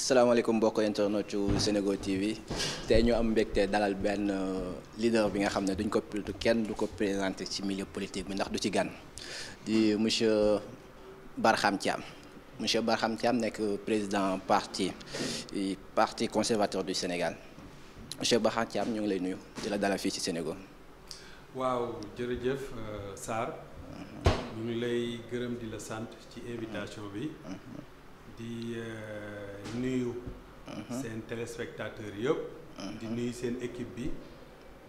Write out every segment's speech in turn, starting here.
salaamaaleykum mbokk internet ci Senego TV te ñu am mbégte dalal benn euh, leader bi nga xam ne duñ ko kenn du ko présenté ci milieu politique bi ndax du ci gan di monsieur Barham Thiam monsieur Barham Thiam nekk président parti parti conservateur du Sénégal monsieur ci am ñoo ngi lay nuyu di la dalal fii ci Senego. waaw jërëjëf euh, Sarr. Mm-hmm. ñu ngi lay gërëm di la sant ci invitation bi. Mm-hmm. di euh, nuyu mhm. seen téléspectateurs yëpp mhm. di nuyu seen équipe bi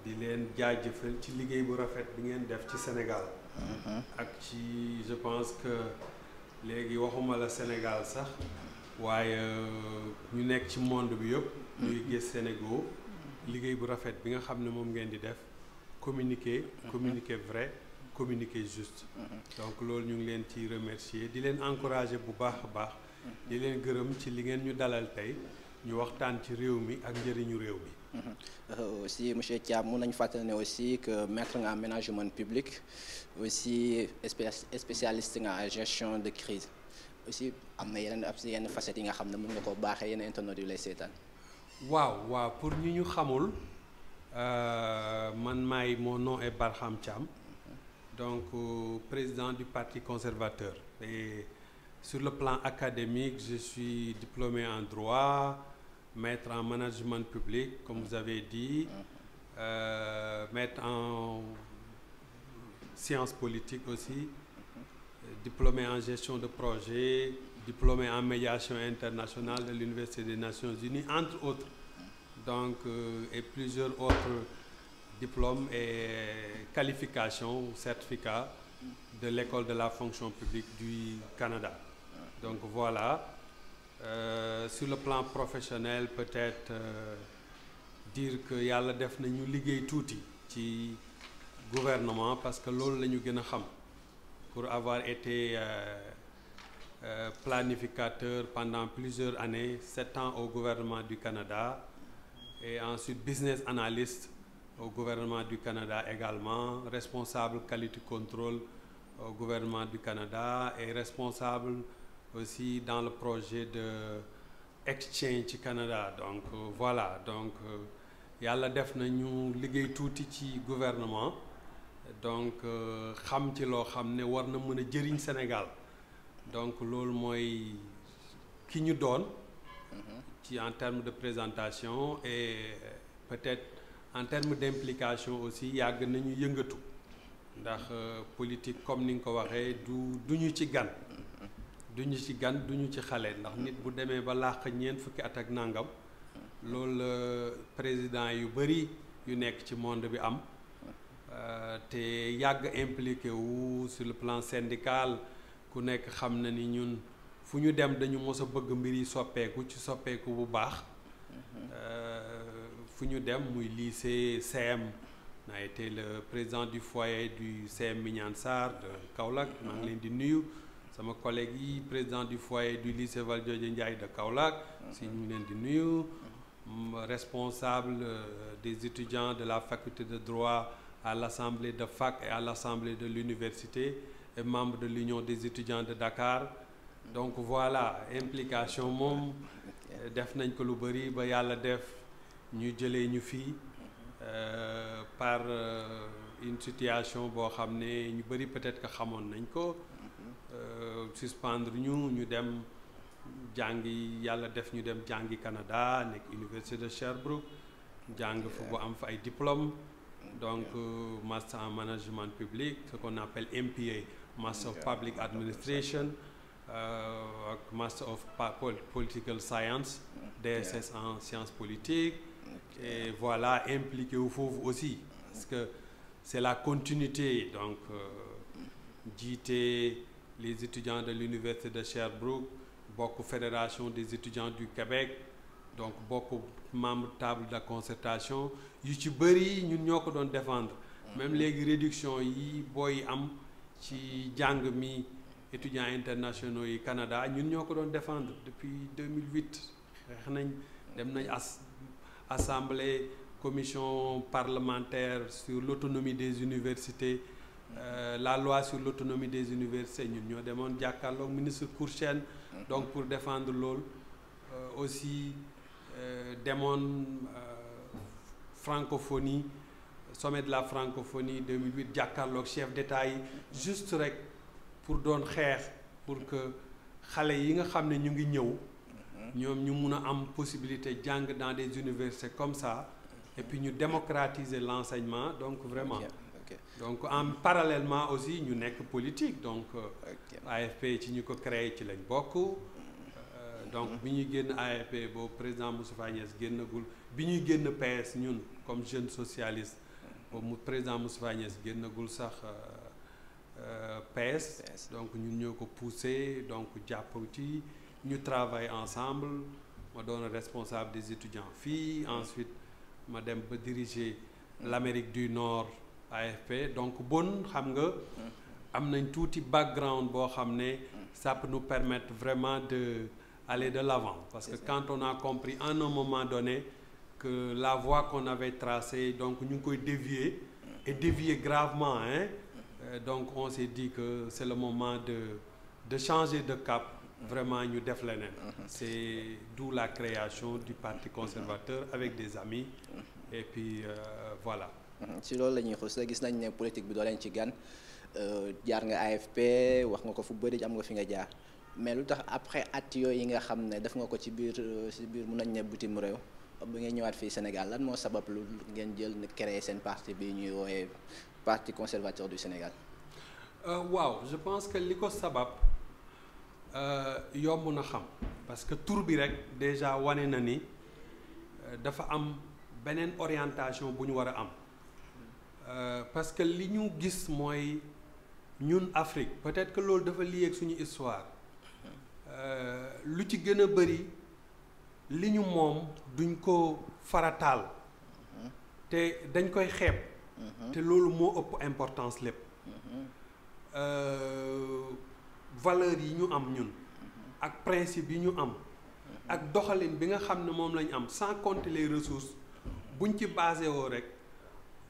di leen jaajëfal ci liggéey bu rafet bi ngeen def ci Sénégal mhm. ak ci je pense que léegi waxuma la Sénégal sax waaye euh, ñu nekk ci monde bi yëpp ñuy gis Sénégal liggéey bu rafet bi nga xam ne moom ngeen di def communiquer communiquer vrai communiqué juste donc loolu ñu ngi leen ci remercié di leen encourager bu baax a baax li leen gërëm ci li ngeen ñu dalal tey ñu waxtaan ci réew mi ak njëriñu réew mi. Euh, aussi monsieur Thiam mun nañu fàttali ne aussi que maître nga en management public aussi spécialiste nga gestion de crise aussi am na yeneen ab yenn facettes yi nga xam ne mën nga koo baaxee yenn internet yu lay seetaan. waaw waaw pour ñu ñu xamul euh, man maay mon nom est Barham Thiam donc euh, président du parti conservateur Sur le plan académique, je suis diplômé en droit, maître en management public, comme vous avez dit, euh, en sciences politiques aussi, diplômé en gestion de projet, diplômé en médiation internationale de l'Université des Nations Unies, entre autres. Donc, euh, et plusieurs autres diplômes et qualifications certificats de l'école de la fonction publique du Canada. donc voilà euh, sur le plan professionnel peut-être euh, dire que yàlla def na ñu liggéey tuuti ci gouvernement parce que loolu la ñu gën a xam pour avoir été euh, euh planificateur pendant plusieurs années sept ans au gouvernement du Canada et ensuite business analyst au gouvernement du Canada également responsable qualité contrôle au gouvernement du Canada et responsable aussi dans le projet de exchange ci Canada donc euh, voilà donc euh, yàlla def na ñu liggéey tuuti ci gouvernement donc euh, xam ci loo xam ne war na mën a jëriñ Sénégal donc loolu mooy ki ñu doon ci en terme de présentation et peut-être en termes d'implication aussi yàgg nañu yëngatu ndax politique comme ni nga ko waxee du du ñu ci gan duñu ci gan duñu ci xale ndax nit bu demee ba làq ñeent fukki at ak nangam loolu la président yu bëri yu nekk ci monde bi am euh, te yàgg impliqué wu sur le plan syndical ku nekk xam na ni ñun fu ñu dem dañu mos a bëgg mbir yi soppeeku ci soppeeku bu baax euh, fu ñu dem muy lycée CM naa te le président du foyer du CM Mignane Sarr de Kaolack maa ngi leen di nuyu sama collègue yi président du foyer du lycée Valdiodio Ndiaye de Kaolack mhm. si ñu ngi leen di nuyu responsable euh, des étudiants de la faculté de droit à l'assemblée de fac et à l'assemblée de l'université et membre de l'union des étudiants de Dakar donc voilà implication moom def nañ ko lu bëri ba yàlla def ñu jëlee ñu fii mhm. euh, par euh, une situation boo xam ne ñu bëri peut-être que xamoon nañ ko Euh, suspendre ñu ñu dem jàngi yàlla def ñu dem jàngi Canada nekk université de Sherbrooke jàng fa bu am fa ay diplôme donc euh, master en management public ce qu'on appelle MPA master of public administration euh, ak master of political science mm. DSS en sciences politiques et voilà impliqué wu foofu aussi parce que c'est la continuité donc jiite les étudiants de l'université de Sherbrooke bokk fédération des étudiants du Québec donc bokk membre table de concertation yu ci bëri ñun ñoo ko doon défendre mm-hmm. même léegi réduction yi booy am ci jàng mi étudiants internationaux yi Canada ñun ñoo ko doon défendre depuis 2008 xeex nañ dem nañ as assemblée commission parlementaire sur l'autonomie des universités Euh, la loi sur l'autonomie des universités ñun ñoo demoon jàkkaarloog ministre Courchène mm-hmm. donc pour défendre loolu euh, aussi euh, demoon francophonie sommet de la francophonie 2008 jàkkaarloog chef d'état yi juste rek pour doon xeex pour que xale yi nga xam ne ñu ngi ñëw mm-hmm. ñoom ñu mun a am possibilité jàng dans des universités comme ça et puis ñu démocratiser l'enseignement donc vraiment donc en parallèlement aussi ñu nekk politique donc euh, AFP ci ñu ko créé ci lañ bokk euh, donc bi ñuy génn AFP boobu président Moustapha Niass génnagul bi ñuy génn PS ñun comme jeune socialiste boobu président Moustapha Niass génnagul sax euh, PS donc ñun ñoo ko poussé donc jàpp ci ñu travaille ensemble ma doon responsable des étudiants fii ensuite ma dem ba diriger l'Amérique du Nord AFP donc bon xam nga am nañ tuuti background boo xam ne ça peut nous permettre vraiment de aller de l'avant parce que quand on a compris à un moment donné que la voie qu'on avait tracée donc ñu ngi koy dévier et dévier gravement hein euh, donc on s'est dit que c'est le moment de de changer de cap vraiment ñu def leneen c'est dou la création du parti conservateur avec des amis et puis euh, voilà si loolu la ñuy xuus gis nañ ne politique bi doo leen ci gan euh, jaar nga AFP wax nga ko fu bëri am nga fi nga jaar mais lu tax après at yooyu yi nga xam ne def nga ko ci biir si euh, biir mu nañ ne bitim réew ba ngeen ñëwaat fii Sénégal lan moo sabab lu ngeen jël créer seen parti bi ñuy woowee parti conservateur du Sénégal. Euh, waaw je pense que li ko sabab yomb na xam parce que tur bi rek déjà wane na ni dafa am beneen orientation bu ñu war a am. Euh, parce que li ñu gis mooy ñun Afrique peut-être que loolu dafa lié ak suñu histoire euh, lu ci gën a bëri li ñu moom duñ ko farataal te dañ koy xep te loolu moo ëpp importance lépp euh, valeur yi ñu am ñun ak principe yi ñu am ak doxalin bi nga xam ne moom lañu am sans compter les ressources buñ ci basé woo rek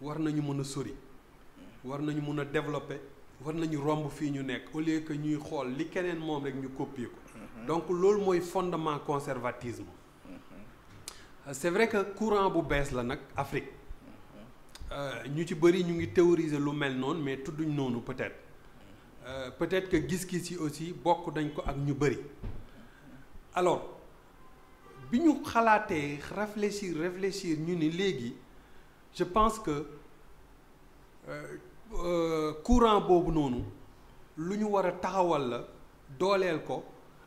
war nañu mën a sori war nañu mën a développer war nañu romb fii ñu nekk au lieu que ñuy xool li keneen moom rek ñu copier ko mhm. donc loolu mooy fondement conservatisme mhm. c'est vrai que courant bu bees la nag Afrique mhm. euh, ñu ci bëri ñu ngi théoriser lu mel noonu mais tudduñ noonu peut-être euh, peut-être que gis ki yi aussi bokk dañ ko ak ñu bëri alors bi ñu xalaatee réfléchir réfléchir ñu ni léegi je pense que euh, euh, courant boobu noonu lu ñu war a taxawal la dooleel ko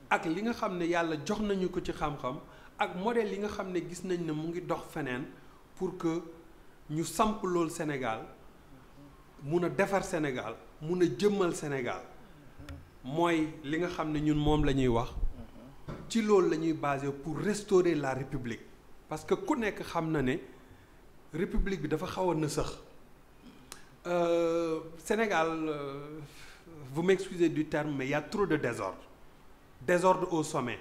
ak li nga xam ne yàlla jox nañu ko ci xam-xam ak modèle yi nga xam ne gis nañ ne mu ngi dox feneen pour que ñu samp loolu Sénégal mun a defar Sénégal mun a jëmmal Sénégal mooy li nga xam ne ñun moom la ñuy wax ci loolu la ñuy basé pour restaurer la République parce que ku nekk xam na ne république bi dafa xaw a nësax euh, Sénégal euh, vous m'excusez du terme ya il y a trop de désordre désordre au sommet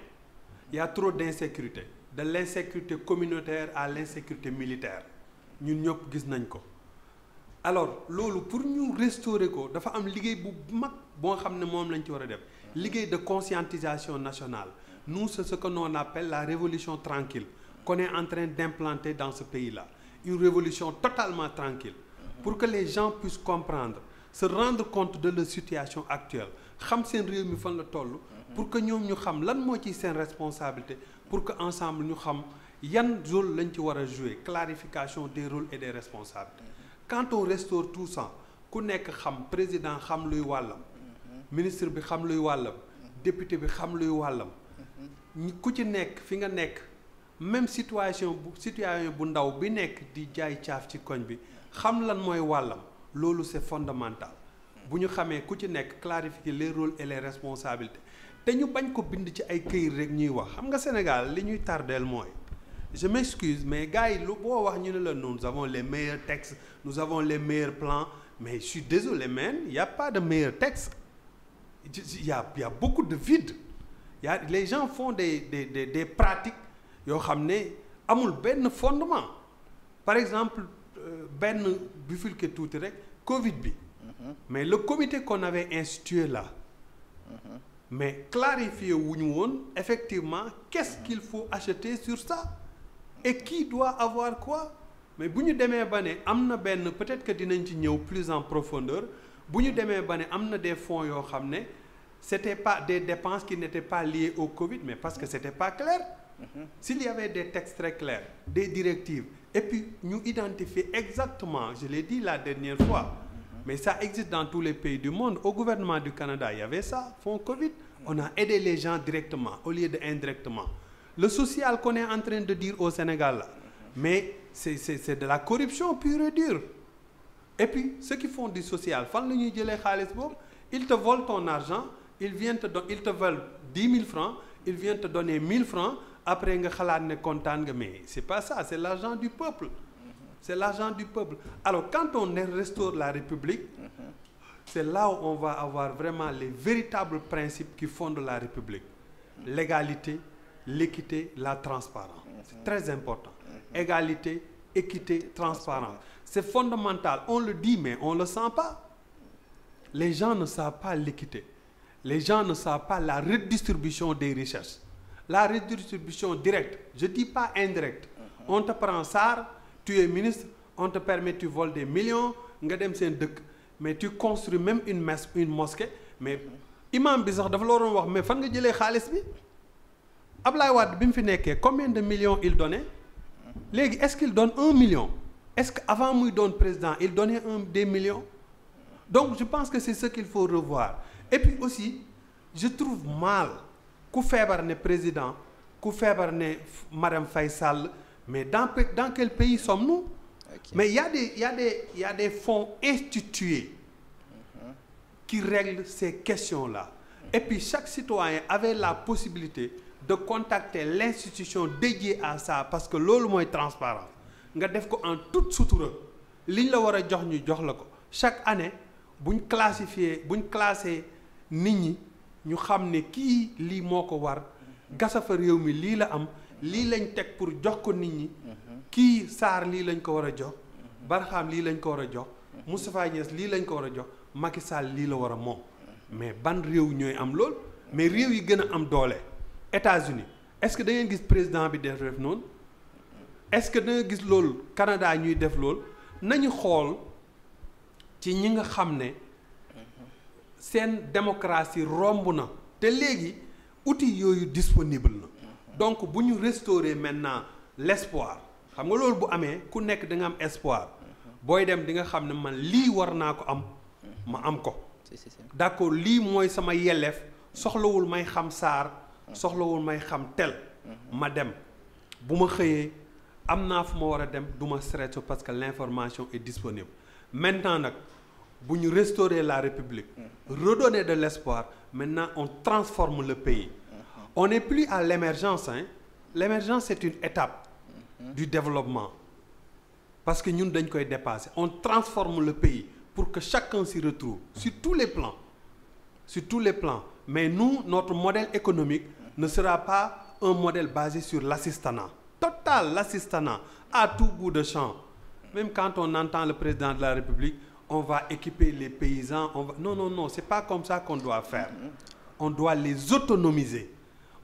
ya y a trop d'insécurité de l'insécurité communautaire à l'insécurité militaire ñu ñëpp gis nañ ko alors loolu pour ñu restaurer ko dafa am liggéey bu mag boo xam ne moom lañ ci war a def liggéey de conscientisation nationale nous c'est ce que l'on appelle la révolution tranquille qu'on est en train d'implanter dans ce pays-là une révolution totalement tranquille pour que les gens puissent comprendre se rendre compte de leur situation actuelle xam seen réew mi fan la toll pour que ñoom ñu xam lan moo ci seen responsabilité pour que ensemble ñu xam yan rôle lañ ci war a jouer clarification des rôles et des responsabilités quand on restaure tout ça ku nekk xam président xam luy wàllam ministre bi xam luy wàllam député bi xam luy wàllam ku ci nekk fi nga nekk même situation bu situation bu ndaw bi nekk di jaay caaf ci koñ bi xam lan mooy wàllam loolu c'est fondamental bu ñu xamee ku ci nekk clarifier les rôles et les responsabilités te ñu bañ ko bind ci ay këyit rek ñuy wax xam nga Sénégal li ñuy tardeel mooy je m'excuse mais gars yi lu boo wax ñu ne la nous avons les meilleurs textes nous avons les meilleurs plans mais je suis désolé man y de meilleur texte y a y a beaucoup de vide y les gens font des des des des pratiques yoo xam ne amul benn fondement par exemple euh, benn bifurqué tuuti rek Covid bi. Mm-hmm. mais le comité ko avait institué là. Mm-hmm. mais clarifier wu ñu woon effectivement kes ce mm-hmm. qu'il faut acheter sur ça et qui doit avoir quoi mais bu ñu demee ba ne am na benn peut-être que dinañ ci ñëw plus en profondeur bu ñu demee ba ne am na des fonds yoo xam ne c'était pas des dépenses qui n'étaient pas liées au Covid mais parce que c'était pas clair. s'il y avait des textes très clairs des directives et puis ñu identifier exactement je l'ai dit la dernière fois mais ça existe dans tous les pays du monde au gouvernement du Canada il y avait ça fonds Covid on a aidé les gens directement au lieu de indirectement le social qu'on est en train de dire au Sénégal là mais c'est c'est c'est de la corruption pure et dure et puis ceux qui font du social fan la ñuy jëlee xaalis boobu ils te volent ton argent ils viennent te don mille francs ils viennent te mille francs après nga xalaat ne kontaan nga mais c'est pas ça c'est l'argent du peuple c'est l'argent du peuple alors quand on restaure la République c'est là où on va avoir vraiment les véritables principes qui fondent la République l'égalité l'équité la transparence c'est très important égalité équité transparence c'est fondamental on le dit mais on le sent pas les gens ne savent pas l'équité les gens ne savent pas la redistribution des richesses la redistribution direct je dis pas indirecte uh-huh. on te prend SAR tu es ministre on te permet tu voles des millions nga dem seen dëkk mais tu construis même une messe une mosquée mais uh-huh. imam bi sax dafa la waroon wax mais fan nga jëlee xaalis bi Ablaye Wade bi mu fi nekkee combien de millions il donnait uh-huh. léegi est-ce qu'il un million est-ce que avant muy doon président il donnait un des millions donc je pense que c'est ce qu'il faut revoir et puis aussi je trouve mal ku feebar ne président ku feebar ne Marème fay Sall mais dans dans quel pays sommes-nous mais y a des y a des fonds institués uh -huh. qui règlent ces questions-là et puis chaque citoyen avait la possibilité de contacter l'institution dédiée à ça parce que loolu mooy transparent nga def ko en tout sutura liñ la war a jox ñu jox la ko chaque année buñ classifié buñ classé nit ñi ñu xam ne kii lii moo ko war fa réew mi lii la am lii lañ teg pour jox ko nit ñi kii Sarr lii lañ ko war a jox Barham lii lañ ko war a jox Moustapha lii lañ ko war a jox Macky Sall lii la war a moom mais ban réew ñooy am lool mais réew yi gën a am doole états uni est-ce que da ngeen gis président bi def def noonu est-ce que da gis loolu Canada ñuy def lool nañu xool ci ñi nga xam ne seen démocratie romb na te léegi outils yooyu disponible na donc bu ñu restaurer maintenant l'espoir xam nga loolu bu amee ku nekk danga am espoir booy dem di nga xam ne man lii war naa ko am ma am ko d'accord lii mooy sama yelleef soxlawul may xam saar soxlawul may xam tel ma dem bu ma xëyee am naa fu ma war a dem du ma stressé parce que l'information est disponible maintenant nag bu ñu restaurer la république redonner de l'espoir maintenant on transforme le pays uh-huh. on n'est plus à l'émergence hein l'émergence c'est une étape uh-huh. du développement parce que ñun dañ koy dépasser on transforme le pays pour que chacun s'y retrouve sur tous les plans sur tous les plans mais nous notre modèle économique ne sera pas un modèle basé sur l'assistanat total l'assistanat à tout bout de champ même quand on entend le président de la République on va équiper les paysans on va non non non c'est pas comme ça qu'on doit faire on doit les autonomiser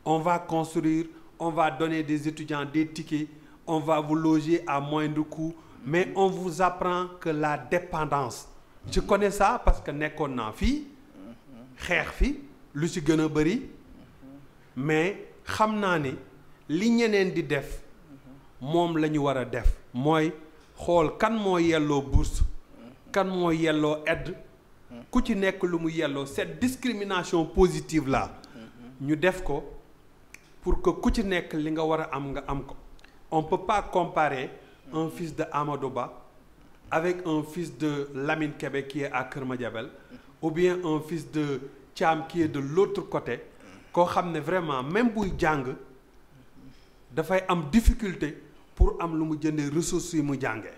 on va construire on va donner des étudiants de tickets on va vous loger à moindre coût mais on vous apprend que la dépendance je connais ça parce que nekkoon naa fii xeex fi lu si gën a bëri mais xam naa ne li ñeneen di def moom la ñu war a def mooy xool kan moo yelloo bourse kan moo yelloo aide ku ci nekk lu mu yelloo cette discrimination positive la ñu def ko pour que ku ci nekk li nga war a am nga am ko on peut pas comparer un fils de Amadou Ba avec un fils de Lamine kebe ki est à Kër Madiabel ou bien un fils de Thiam ki est de l'autre côté koo xam ne vraiment même buy jàng dafay am difficulté pour am lu mu jëndee ressources yi mu jàngee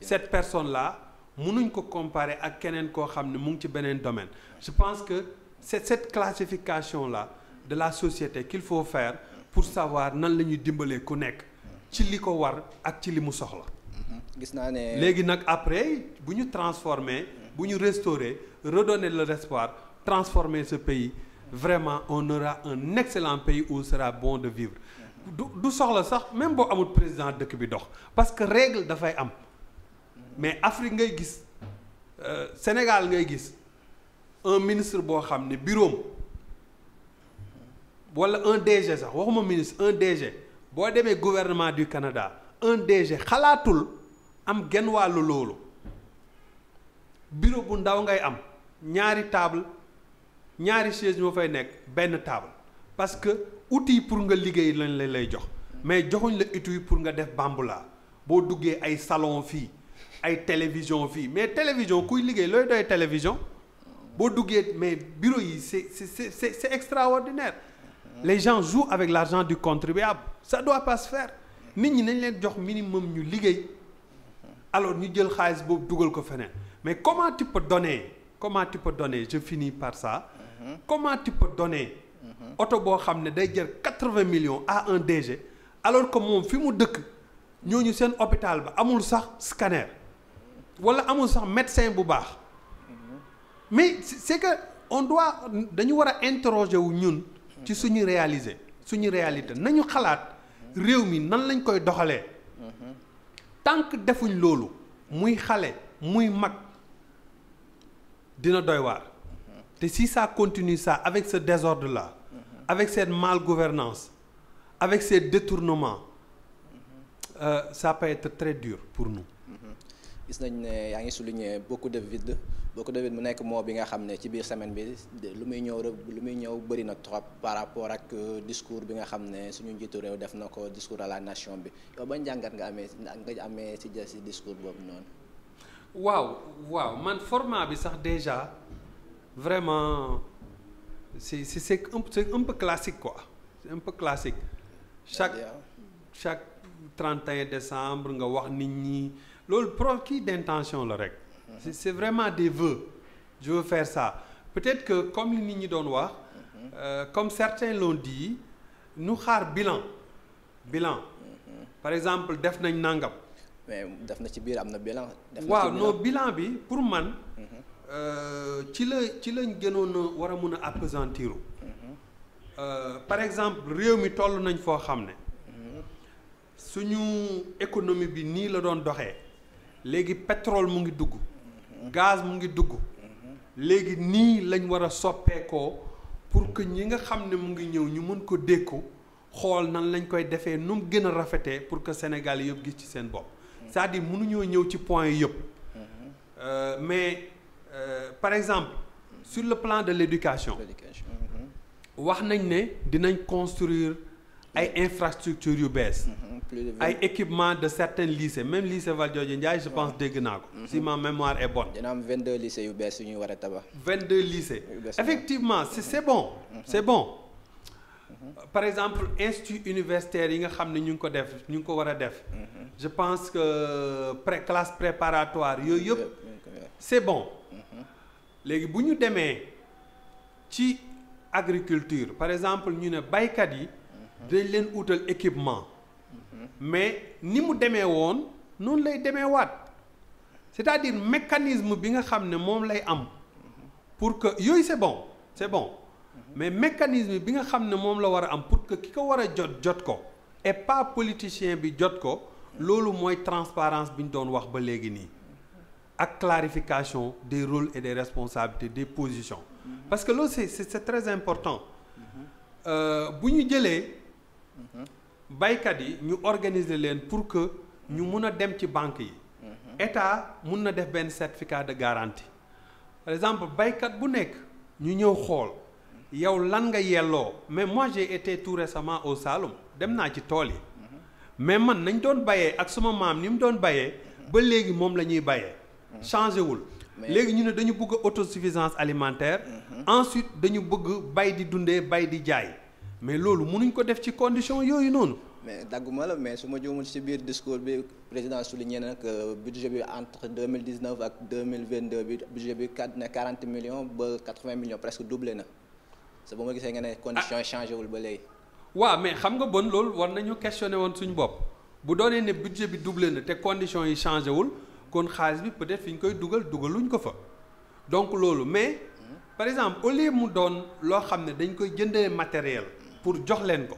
cette personne la mënuñ ko comparer ak keneen koo xam ne mu ngi ci beneen domaine je pense que c'est cette classification la de la société qu'il faut faire pour savoir nan la ñuy dimbalee ku nekk ci li ko war ak ci li mu soxla. Mm-hmm. gis naa ne léegi nag après bu ñu transformer bu ñu restaurer redonner le espoir transformer ce pays vraiment on aura un excellent pays où il de vivre du du soxla sax même boo amul président dëkk bi dox parce que règle dafay am. mais Afrique ngay gis euh, Sénégal ngay gis un ministre boo xam ne bureau wala un DG sax waxuma ministre un DG boo demee gouvernement du Canada un DG xalaatul am genn wàllu loolu bureau bu ndaw ngay am ñaari table ñaari chaise moo fay nekk benn table parce que outil pour nga liggéey lañ lay lay jox mais joxuñ la outil pour nga def bambula boo duggee ay salon fii ay télévision fii mais télévision kuy liggéey looy doy télévision boo duggee mais bureau yi c'est c'est c'est c'est extraordinaire les gens jouent avec l'argent du contribuable ça doit pas se nit ñi nañ leen jox minimum ñu liggéey alors ñu jël xaalis boobu dugal ko feneen mais comment tu peux donner comment tu peux donner je finis par ça comment tu peux donner boo xam ne day jël quatre-vingts millions à un DG alors que moom fi mu dëkk ñooñu seen hôpital ba amul sax scanner wala amul sax médecin bu baax mais c'est que on doit dañu war a interroger wu ñun ci suñu réaliser suñu réalité nañu xalaat réew mi nan lañ koy doxalee tant que defuñ loolu muy xale muy mag dina doy waar te si ça continue ça avec ce désordre la avec mal gouvernance avec ces détournements euh, ça peut être très dur pour nous gis nañ ne yaa ngi souligner beaucoup de vide beaucoup de vide mu nekk moo bi nga xam ne ci biir semaine bi lu muy ñëw lu muy ñëw bëri na trop par rapport ak euh, discours bi nga xam ne suñu njiitu réew def na ko discours à la nation bi yow ban jàngat nga amee nga amee ci ja si discours boobu noonu. waaw waaw man format bi sax déjà vraiment si c'est c'est un, c'est un peu classique quoi c'est un peu chaque chaque 31 décembre nga wax nit ñi. loolu profit d'intention la rek c'est vraiment des veu je veux faire ça peut-être que comme li nit ñi doon wax euh, comme certains l'ont dit ñu xaar bilan bilan par exemple def nañ nangam def na ci biir am na bilan waaw non bilan bi pour man mhm. euh, ci la ci lañ gënoon a war a mun a appesantir mhm. euh, par exemple réew mi toll nañ foo xam ne mhm. suñu économie bi nii la doon doxee léegi petrole mu ngi dugg gaz mu ngi dugg léegi nii lañ war a soppeekoo pour que ñi nga xam ne mu ngi ñëw ñu mën ko dékku xool nan lañ koy defee nu mu gën a rafetee pour que Sénégal yëpp gis ci seen bopp cest di dire mënuñoo ñëw ci point yu yëpp euh, mais euh, par exemple sur le plan de l'éducation wax nañ ne dinañ construire ay infrastructures yu bees mm-hmm. ay équipement de certains lycées même lycée Valdiodio Ndiaye je pense dégg naa ko. Mhm. si ma mémoire est bonne. dina am 22 yu bees yu ñu war a tabax. 22 lycées effectivement si c' est bon. Mhm. c' bon mhm. par exemple institut universitaire yi nga xam ne ñu ngi ko def ñu ngi ko war a def. je pense que euh, pré classe préparatoire yooyu yëpp. c' est bon léegi bu ñu demee ci agriculture par exemple ñu ne baykat yi. dañ leen utal équipement. mais ni mu demee woon noonu lay demee waat c'est-à-dire mécanisme bi nga xam ne moom lay am pour que yooyu c'est bon c'est bon mais mécanisme bi nga xam ne moom la war a am pour que ki ko war a jot jot ko et pas politicien bi jot ko loolu mooy transparence bi ñu doon wax ba léegi nii ak clarification des rôles et des responsabilités des positions parce que loolu c'est c'est très important euh, bu ñu jëlee baykat yi ñu organiser leen pour que ñu mun a dem ci banque yi mhm. état mun na def benn certificat de garantie par exemple baykat bu nekk ñu ñëw xool yow lan nga yelloo mais moi j'ai été tout récemment au salom dem naa ci tool yi mhm. mais man nañ doon bayee ak suma maam ni mu doon bayee mhm. ba léegi moom la ñuy bayee changé wul léegi ñu ne dañu bëgg autosuffisance alimentaire ensuite dañu bëgg bay di dundee bay di jaay mais loolu mënuñ ko def ci condition yooyu noonu. mais dagguma la mais su ma juumul ci biir discours bi président souligné na que budget bi entre deux mille dix neuf ak mille vingt deux bi budget bi quarante millions ba quatre vingt millions presque doublé na sa ba ma gisee nga ne conditions yi ah. changé wul ba léegi. waaw mais xam nga bon loolu war nañu questionné woon suñu bopp bu doonee ne budget bi doublé na te conditions yi changé wul kon xaalis bi peut fi ñu koy dugal dugaluñ ko fa donc loolu mais. Hmm. par exemple au lieu mu doon loo xam ne dañ koy jëndee matériel. pour jox leen ko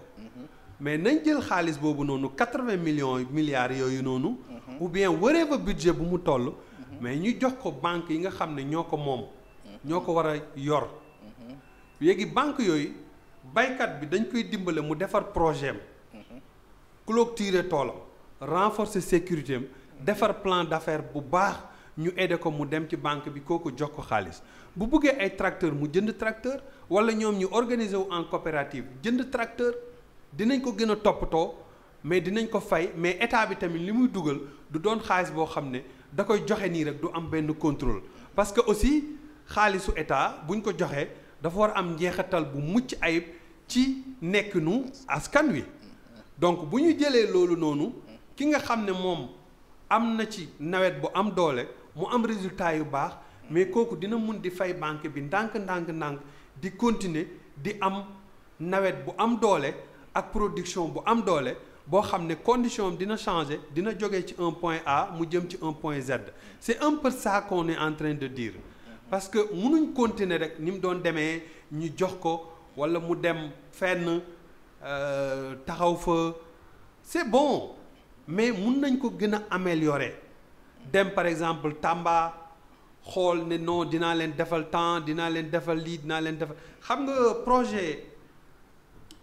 mais nañ jël xaalis boobu noonu quatre-vingts millions milliards yooyu noonu mhm. ou bien wëree ba budget bu mu toll mais ñu jox ko banque yi nga xam ne ñoo ko moom ñoo ko war a yor mhm. léegi banque yooyu baykat bi dañ koy dimbale mu defar projet am mhm. clôturer toolam renforcer sécurité am defar plan d'affaires bu baax ñu aider ko mu dem ci banque bi kooku jox ko xaalis bu bëggee ay tracteur mu jënd tracteur wala ñoom ñu organiser wu en coopérative jënd tracteur dinañ ko gën a toppatoo mais dinañ ko fay mais état bi tamit li muy dugal du doon xaalis boo xam ne da koy joxe nii rek du am benn contrôle parce que aussi xaalisu état buñ ko joxe dafa war am njeexital bu mucc ayib ci nu askan wi donc bu ñu jëlee loolu noonu ki nga xam ne moom am na ci nawet bu am doole mu am résultat yu baax mais kooku dina mun di fay banque bi ndànk ndànk ndànk di continuer di am nawet bu am doole ak production bu am doole boo xam ne condition am dina changer dina jógee ci un point A mu jëm ci un point Z c'est un peu ça qu'on est de dire parce que munuñ continuer rek ni mu doon demee ñu jox ko walla mu dem fenn euh, taxaw fa c'est bon mais mun nañ ko gën a améliorer dem par exemple Tamba. xool ne non dinaa leen defal temps dinaa leen defal lii dinaa leen defal xam nga projet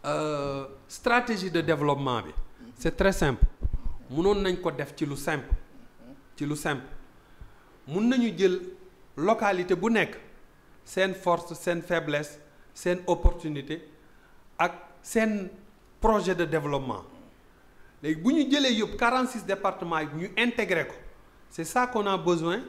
euh, stratégie de développement bi c'est très simple munoon nañ ko def ci lu simple ci lu simple mun nañu jël localité bu nekk seen force seen faiblesse seen opportunité ak seen projet de développement léegi bu ñu jëlee yëpp 46 départements yi ñu intégré ko c'est ça naa a besoin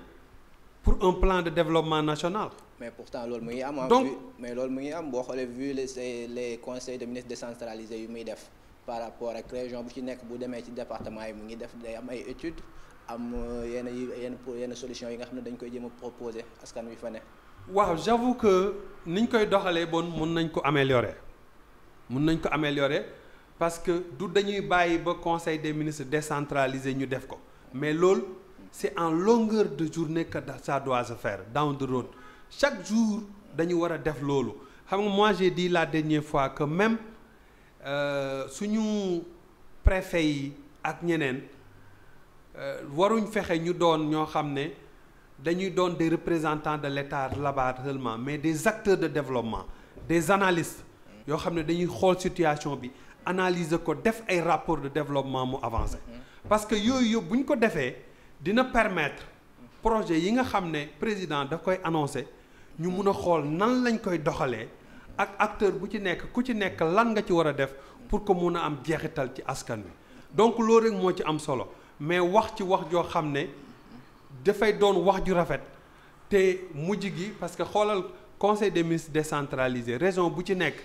pour un plan de développement national. mais pourtant loolu mu ngi am. donc mais loolu mu ngi am boo xoolee vu les les conseils de ministre décentralisé yu muy def par rapport ak région bu ci nekk bu demee ci département yi mu ngi def day am ay études am euh, yenn yenn yenn solution yi nga xam ne dañ koy jéem a proposer askan wi fa ne. waaw j'avoue que ni niñ koy doxalee bon mun nañ ko améliorer mun nañ ko améliorer parce que du dañuy bàyyi ba conseil des ministres décentralisé ñu def ko c'est en longueur de journée que ça doit se faire down the road chaque jour dañu war a def loolu xam nga moi di dit la dernière fois que même euh, suñu préfet yi ak ñeneen euh, waruñ fexe ñu doon ñoo xam ne dañuy doon des représentants de l'État là-bas seulement mais des acteurs de développement des analyses yoo xam ne dañuy xool situation bi analyser ko def ay rapport de développement mu avancé mm-hmm. parce que yooyu yëpp ñu ko defee dina permettre projet yi nga xam ne président daf koy annoncé ñu mun a xool nan lañ koy doxalee ak acteur bu ci nekk ku ci nekk lan nga ci war a def pour que mun a am jeexital ci askan wi donc loo rek moo ci am solo mais wax ci wax joo xam ne dafay doon wax ju rafet te mujj gi parce que xoolal conseil de ministres décentralisé raison bu ci nekk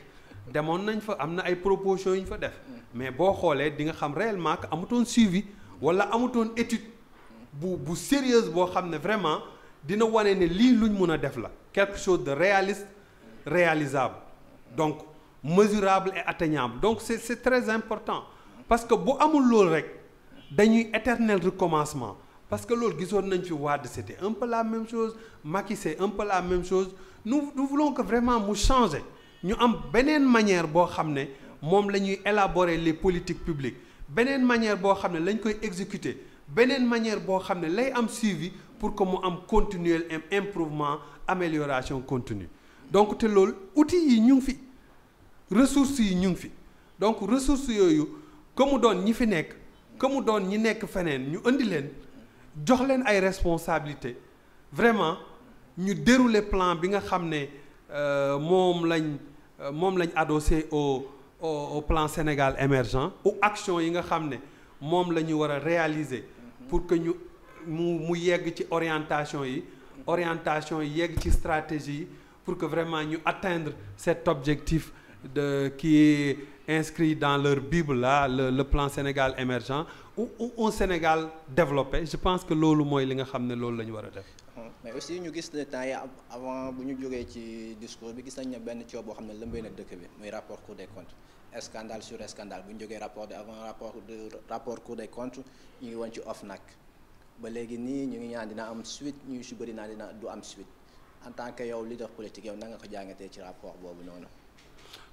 demoon nañ fa am na ay propositions yu ñu fa def mais boo xoolee di nga xam réellement que amutoon suivi wala amatoon étude bu bu sérieuse boo xam ne vraiment dina wane ne lii luñ mun a def la quelque chose de réaliste réalisable donc mesurable et atteignable donc c'est c'est très important parce que bu amul loolu rek dañuy éternel recommencement parce que loolu gisoon nañ fi Wade c'était un peu la même chose Macky c'est un même chose nous nous voulons que vraiment mu changer ñu am beneen manière boo xam ne moom la ñuy élaborer les politiques publiques beneen manière boo xam ne lañ koy exécuter beneen manière boo xam ne lay am suivi pour que mu am continuel improvement amélioration continue donc te loolu outils yi ñu fi ressources yi ñu ngi fi donc ressource yooyu que mu doon ñi fi nekk que mu doon ñi nekk feneen ñu indi leen jox leen ay responsabilité vraiment ñu dérouler plan bi nga xam ne euh, moom lañ moom lañ adossé au au plan Sénégal émergent u action yi nga xam ne moom la ñu war a réaliser pour que ñu mu mu yegg ci orientation yi orientation yi yegg ci stratégie yi pour que vraiment ñu atteindre cet objectif de qui est inscrit dans leur bible là le, plan Sénégal émergent ou, ou un Sénégal développé je pense que loolu mooy li nga xam ne loolu la ñu war a def mais aussi ñu gis ne temps yi avant bu ñu jógee ci discours bi gis nañ ne benn coow boo xam ne lëmbee na dëkk bi muy rapport Cour des comptes scandale sur scandale bu ñu jógee rapport de avant rapport de rapport cour des comptes ñu ngi woon ci OFNAC ba léegi nii ñu ngi ñaan dina am suite ñu si bëri naa dina du am suite en tant que yow leader politique yow na nga ko jàngatee ci rapport boobu noonu.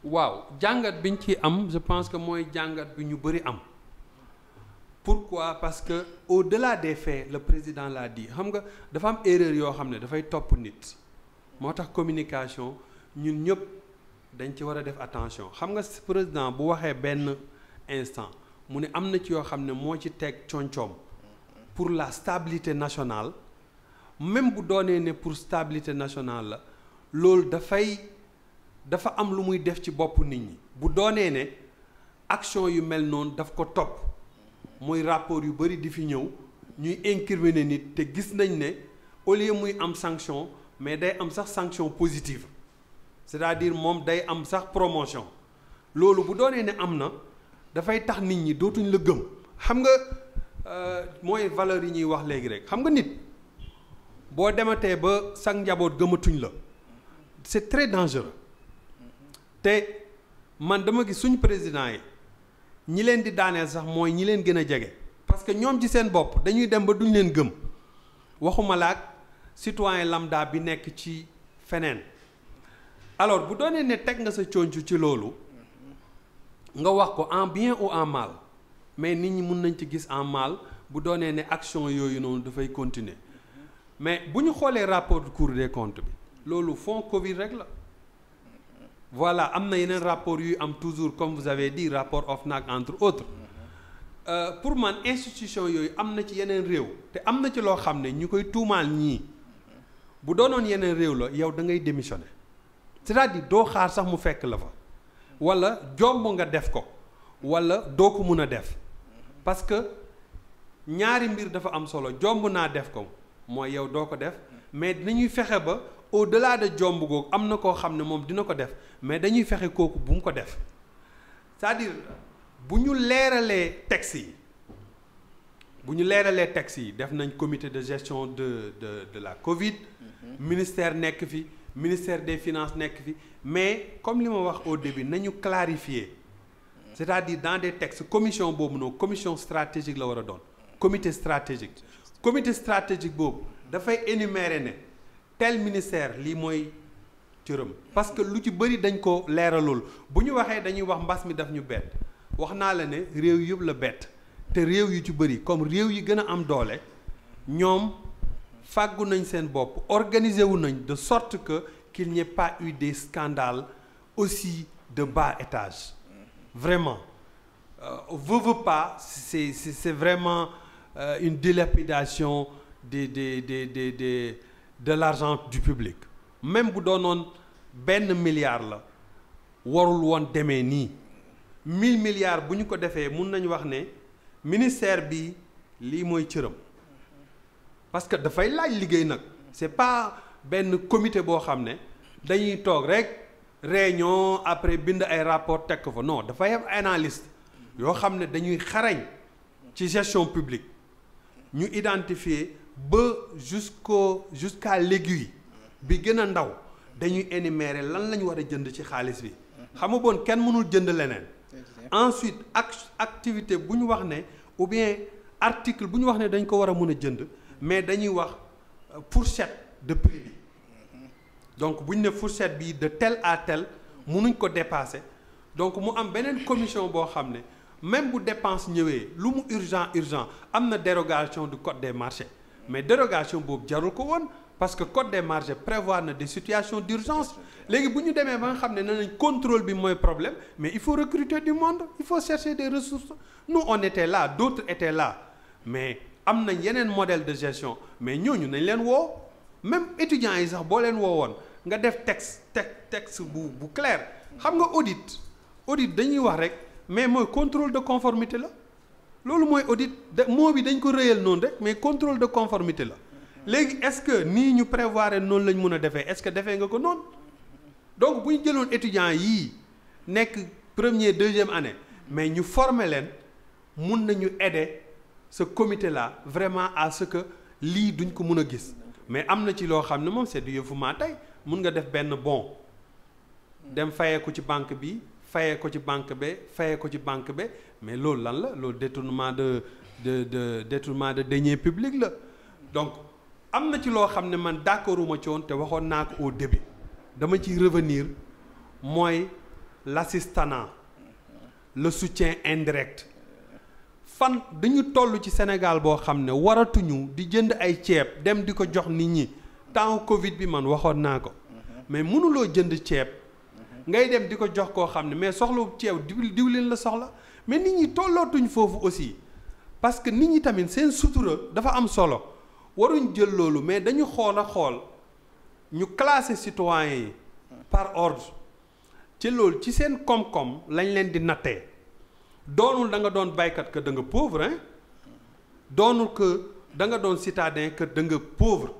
waaw jàngat biñ ci am je pense que mooy jàngat bi ñu bëri am pourquoi parce que au-delà des faits le président l'a dit xam nga dafa am erreur yoo xam ne dafay topp nit moo tax communication ñun ñëpp. dañ ci war a def attention xam nga président bu waxee benn instant mu ne am na ci yoo xam ne moo ci teg coñcoom pour la stabilité nationale même bu doonee ne pour stabilité nationale la loolu dafay dafa am lu muy def ci bopp nit ñi bu doonee ne action yu mel noonu daf ko topp mooy rapport yu bëri di fi ñëw ñuy incriminer nit te gis nañ ne au lieu muy am sanction mais day am sax sanction positive c'est-à-dire moom day am sax promotion loolu bu doonee ne am na dafay tax nit ñi dootuñ la gëm xam nga euh, mooy valeur yi ñuy wax léegi rek xam nga nit boo dematee ba sax njaboot gëmatuñ la c'est très dangereux te man dama gis suñu président yi ñi leen di daaneel sax mooy ñi leen gën a jege parce que ñoom ci seen bopp dañuy dem ba duñu leen gëm waxuma laak citoyen lambda bi nekk ci feneen alors bu doonee ne teg nga sa conc ci loolu nga wax ko en bien au en mal mais nit ñi mun nañ ci gis en mal bu doonee ne action yooyu noonu dafay continuer mais bu ñu xoolee rapport de Cour bi loolu fonds Covid rek la voilà am na yeneen rapport yuy am toujours comme vous avez dit rapport OFNAC entre autres euh, pour man institution yooyu am na ci yeneen réew te am na ci loo xam ne ñu koy tuumaal ñii bu doonoon yeneen réew la yow da ngay démissionner c'est-à-dire doo xaar sax mu fekk la fa wala jomb nga def ko wala doo ko mun a def parce que ñaari mbir dafa am solo jomb naa def ko mooy yow doo ko def mais dinañuy fexe ba au-delà de jomb googu am na koo xam ne moom dina ko def mais dañuy fexe kooku bu mu ko def cest à bu ñu leeralee texte yi bu ñu leeralee texte yi def nañ comité de gestion de de de la Covid. Mm ministère nekk fi. ministère des finance nekk fi mais comme li ma wax au début nañu clarifier c'est-à-dire dans des textes commission boobu noonu commission stratégique la war a doon comité stratégique comité stratégique boobu dafay énumérer ne tel ministère lii mooy cëram parce que lu ci bëri dañ ko leeralul bu ñu waxee dañuy wax mbas mi daf ñu bett wax naa la ne réew yëpp la bett te réew yu ci bëri comme réew yi gën a am doole ñoom fàggu nañ seen bopp organiser wu nañ de sorte que qu'il n'y ait pas eu des scandales aussi de bas étage vraiment euh, veut veut pas c'est vraiment euh, une dilapidation des des des des de de l'argent du public même bu doonoon benn milliard la warul woon demee nii mille milliards bu ñu ko defee mun nañu wax ne ministère bi lii mooy cëram parce que dafay laaj liggéey nag c'est pas benn comité boo xam ne dañuy toog rek réunion après bind ay rapport teg ko fa non dafay am analyste yoo xam ne dañuy xarañ ci gestion publique ñu identifier ba jusqu'au jusqu'à l'aiguille bi gën a ndaw dañuy énumérer lan la ñu war a jënd ci xaalis bi xam nga bon kenn mënul jënd leneen ensuite ak activité bu ñu wax ne ou bien article bu ñu wax ne dañ ko war a mën a jënd mais dañuy wax euh, fourchette de prix bi donc bu ñu ne fourchette bi de tel à mu nuñ ko dépasser donc mu am beneen commission boo xam ne même bu dépense ñëwee lu mu urgent urgent am na dérogation du code des marchés mais dérogation boobu jarul ko woon parce que code de marchés prévoit na des situations d'urgence léegi bu ñu demee ba nga xam ne nee nañ contrôle bi mooy problème mais il faut recruter du monde il faut chercher des ressources nous on était là d'autres étaient mais am nañ yeneen modèle de gestion mais ñooñu nañ leen woo même étudiants yi sax boo leen woo woon nga def texte tex texte bu bu clair xam nga audite audit dañuy wax rek mais mooy contrôle de conformité la loolu mooy audite de moo bi dañ ko rëyal noonu rek mais contrôle de conformité la léegi est-ce que nii ñu prévoir noonu lañ mun a defee est-ce que defee nga ko noonu donc bu jëloon étudiants yii nekk premier deuxième année mais ñu former leen mun nañu aider ce comité la vraiment à lii duñ ko mun a gis mais am na ci loo xam ne moom c'est du yëfu tey mun nga def benn bon dem fayee ko ci banque bi fayee ko ci banque be fayee ko ci banque be mais loolu lan la loolu détournement de de de détournement de deniers publics la donc am na ci loo xam ne man d'accorduma ci woon te waxoon naa ko au début dama ciy revenir mooy l'assistanat le soutien indirect fan dañu toll ci Sénégal boo xam ne waratuñu di jënd ay ceeb dem di ko jox nit ñi temps Covid bi man waxoon naa ko mais mënuloo jënd ceeb ngay dem di ko jox koo xam ne mais soxla ceeb diw diwlin la soxla mais nit ñi tollootuñ foofu aussi parce que nit ñi tamit seen sutura dafa am solo waruñ jël loolu mais dañu xool a xool ñu classer citoyens yi par ordre ci loolu ci seen koom-koom lañ leen di natte doonul da nga doon baykat que da nga pauvre hein doonul que da nga doon citadin que da nga pauvre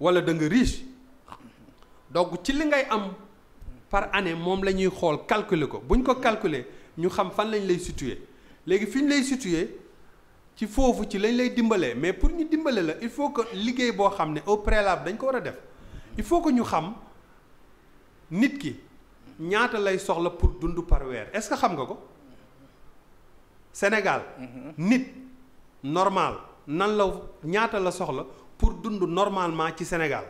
wala da nga donc ci li ngay am par année moom la ñuy xool calculer ko bu ñu ko calculer ñu xam fan lañu lay situer léegi fi ñu lay situer ci foofu ci lañ lay dimbalee mais pour ñu dimbale la il faut que liggéey boo xam ne au préalable dañ ko war a def il faut que ñu xam nit ki ñaata lay soxla pour dund par weer est-ce que xam nga ko. Sénégal mhm. nit normal nan la ñaata la soxla pour dund normalement ci Sénégal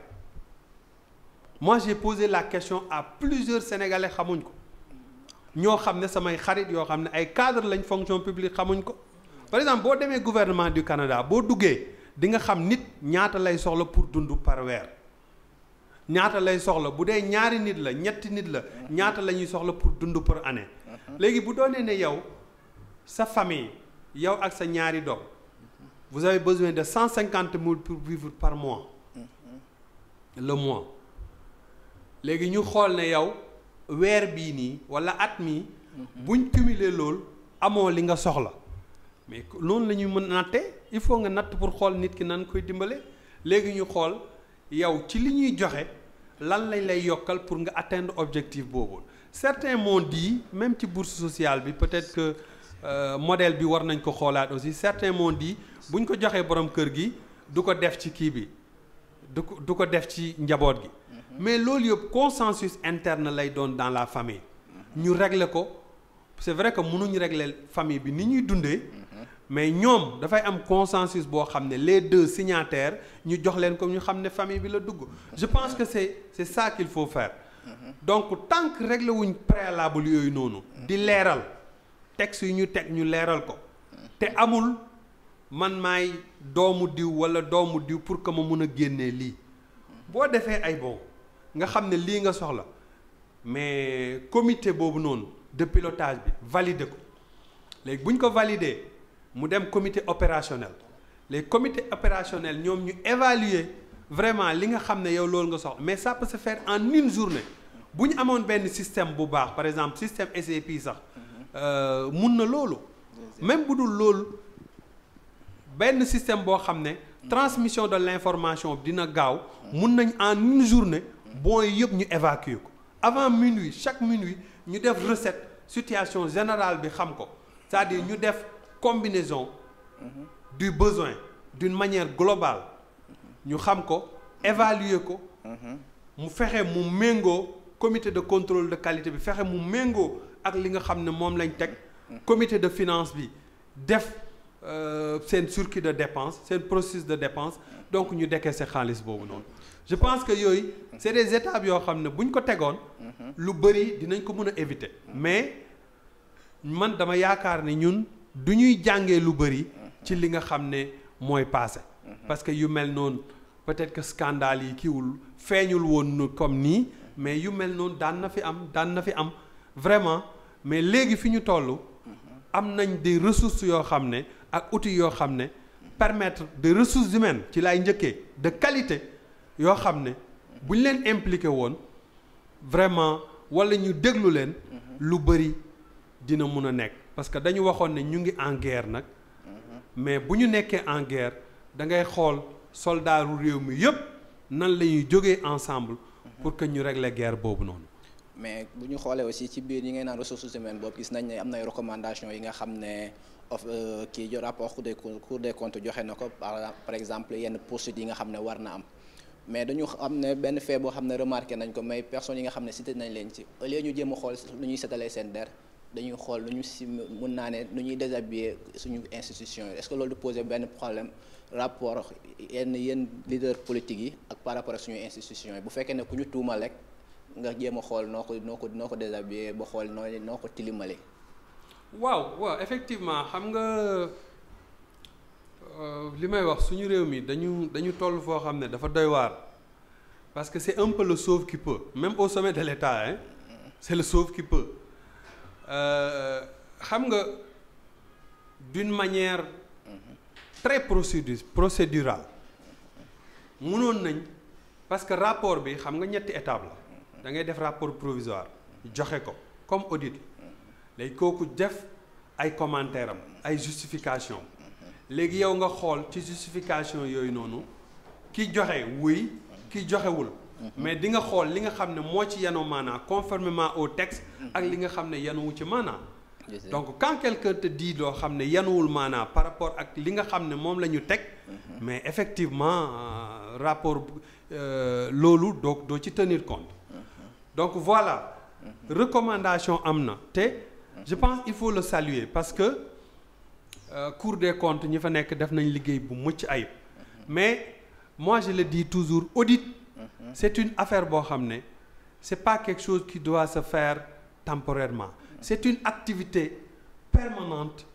moi j'ai posé la question à plusieurs Sénégalais xamuñ ko ñoo xam ne samay xarit yoo xam ne ay cadre lañ fonction publique xamuñ ko par exemple boo demee gouvernement du Canada boo duggee di nga xam nit ñaata lay soxla pour dund par weer ñaata lay soxla bu dee ñaari nit la ñetti nit la mhm. ñaata la ñuy soxla pour dund pour année mhm. léegi bu doonee ne yow sa famille yow ak sa ñaari doom vous avez besoin de cent cinquante mille pour vivre par mois le mois léegi ñu xool ne yow weer bii nii walla at mii buñ cumuler lool amoo li nga soxla mais loolu la ñuy mën natte il faut nga natt pour xool nit ki nan koy dimbale léegi ñu xool yow ci li ñuy joxe lan lañ lay yokkal pour nga atteindre objectif boobu certains m'ont dit même ci bourse sociale bi peut-être que Euh, modèle bi war nañ ko xoolaat aussi certains m'ont dit bu ñu ko joxee borom kër gi du ko def ci kii bi du ko du ko def ci njaboot gi mhm. mais loolu yëpp consensus interne lay doon dans la famille mhm. ñu régler ko c'est vrai que mënuñ régler famille bi ni ñuy dundee mhm. mais ñoom dafay am consensus boo xam ne les deux signataires ñu jox leen ko ñu xam ne famille bi la dugg je pense que c'est c'est ça qu'il faut fair donc tànk que réglé yooyu noonu di leeral texte yu ñu teg ñu leeral ko te amul man maay doomu diw walla doomu diw pour que ma mun a génnee lii boo defee ay bon nga xam ne lii nga soxla mais comité boobu noonu de pilotage bi validé ko léegi bu ñu ko validé mu dem comité opérationnel les comités opérationnels ñoom ñu évaluer vraiment li nga xam ne yow loolu nga soxla mais ça peut se en une journée bu ñu amoon benn système bu baax par exemple système SAP sax Euh, mun na loolu même bu dul lool benn système boo xam ne transmission de l'information dina gaaw mun nañ en une journée booy yëpp ñu évacuer ko avant minuit chaque minuit ñu def recette situation général bi xam ko c'est-à-dire ñu def combinaison mm-hmm. du besoin d'une manière globale mm-hmm. ñu xam ko évaluer ko mm-hmm. mu fexe mu méngoo comité de contrôle de qualité bi fexe mu méngoo ak li nga xam ne moom lañ teg comité de finance bi def euh, seen circuit de dépense seen processus de dépense donc ñu se xaalis boobu noonu je pense que yooyu c'est des étapes yoo xam ne bu ñu ko tegoon lu bëri dinañ ko mën a éviter mais man dama yaakaar ne ñun du ñuy jàngee lu bëri ci li nga xam ne mooy passé parce que yu mel noonu peut-être que scandale yi kiiwul feeñul woon nu comme nii mais yu mel noonu daan na fi am daan na fi am vraiment mais léegi fi ñu toll am nañ des ressources yoo xam ne ak outils yoo xam ne permettre des ressources humaines ci lay njëkkee de qualité yoo xam ne bu ñu leen impliqué woon vraiment wala ñu déglu leen lu bëri dina mun a nekk parce que dañu waxoon ne ñu ngi en guerre nag mais bu ñu nekkee en guerre da ngay xool soldaaru réew mi yëpp nan la ñuy jógee ensemble pour que ñu régler guerre boobu noonu mais bu ñu xoolee aussi ci biir ñi ngay naan ressources semaine boobu gis nañ ne am na recommandations yi nga xam ne of euh, kii jo rapport des cours des comptes joxe na ko par exemple yenn poursuites yi nga xam ne war na am mais dañu xam ne benn fait boo xam ne remarqué nañ ko may personnes yi nga xam ne cité nañ leen ci au lieu ñu jéem a xool lu ñuy setalee seen der dañuy xool lu ñu si mun naa ne nu ñuy déshabiller suñu institution yi est-ce que pose benn problème rapport yenn yenn leader politique yi ak par rapport suñu institution yi fekkee ne ku ñu tuumal rek nga jéem a xool noo ko noo ko noo ko déshabillé ba xool noo noo ko tilimale. waaw waaw effectivement xam nga euh, li may wax suñu réew mi dañu dañu toll foo xam ne dafa doy waar parce que c'est un peu le sauve qui même au sommet de l'État hein c'est le sauve qui peut euh, xam nga d'une manière très procédu procédurale mënoon nañ parce que rapport bi xam nga ñetti étape la. da ngay def rapport provisoire joxe ko comme audit léegi kooku def ay commentaire am ay justification léegi yow nga xool ci justification yooyu noonu ki joxe wuy ki joxewul mais di nga xool li nga xam ne moo ci yanu maanaa conformément au texte ak li nga xam ne yanuwu ci maanaa donc quand quelqu'un te dit doo xam ne yanuwul maanaa par rapport ak li nga xam ne moom la ñu teg mhm. mais effectivement euh, rapport euh, loolu doo doo ci tenir compte donc voilà recommandation am na te je pense il faut le saluer parce que euh, Cour des comptes ñi fa nekk def nañ liggéey bu mucc ayib mais mois je le dis toujours audit c'est une affaire boo xam ne c'est pas quelque chose qui doit se faire temporairement c'est une activité permanente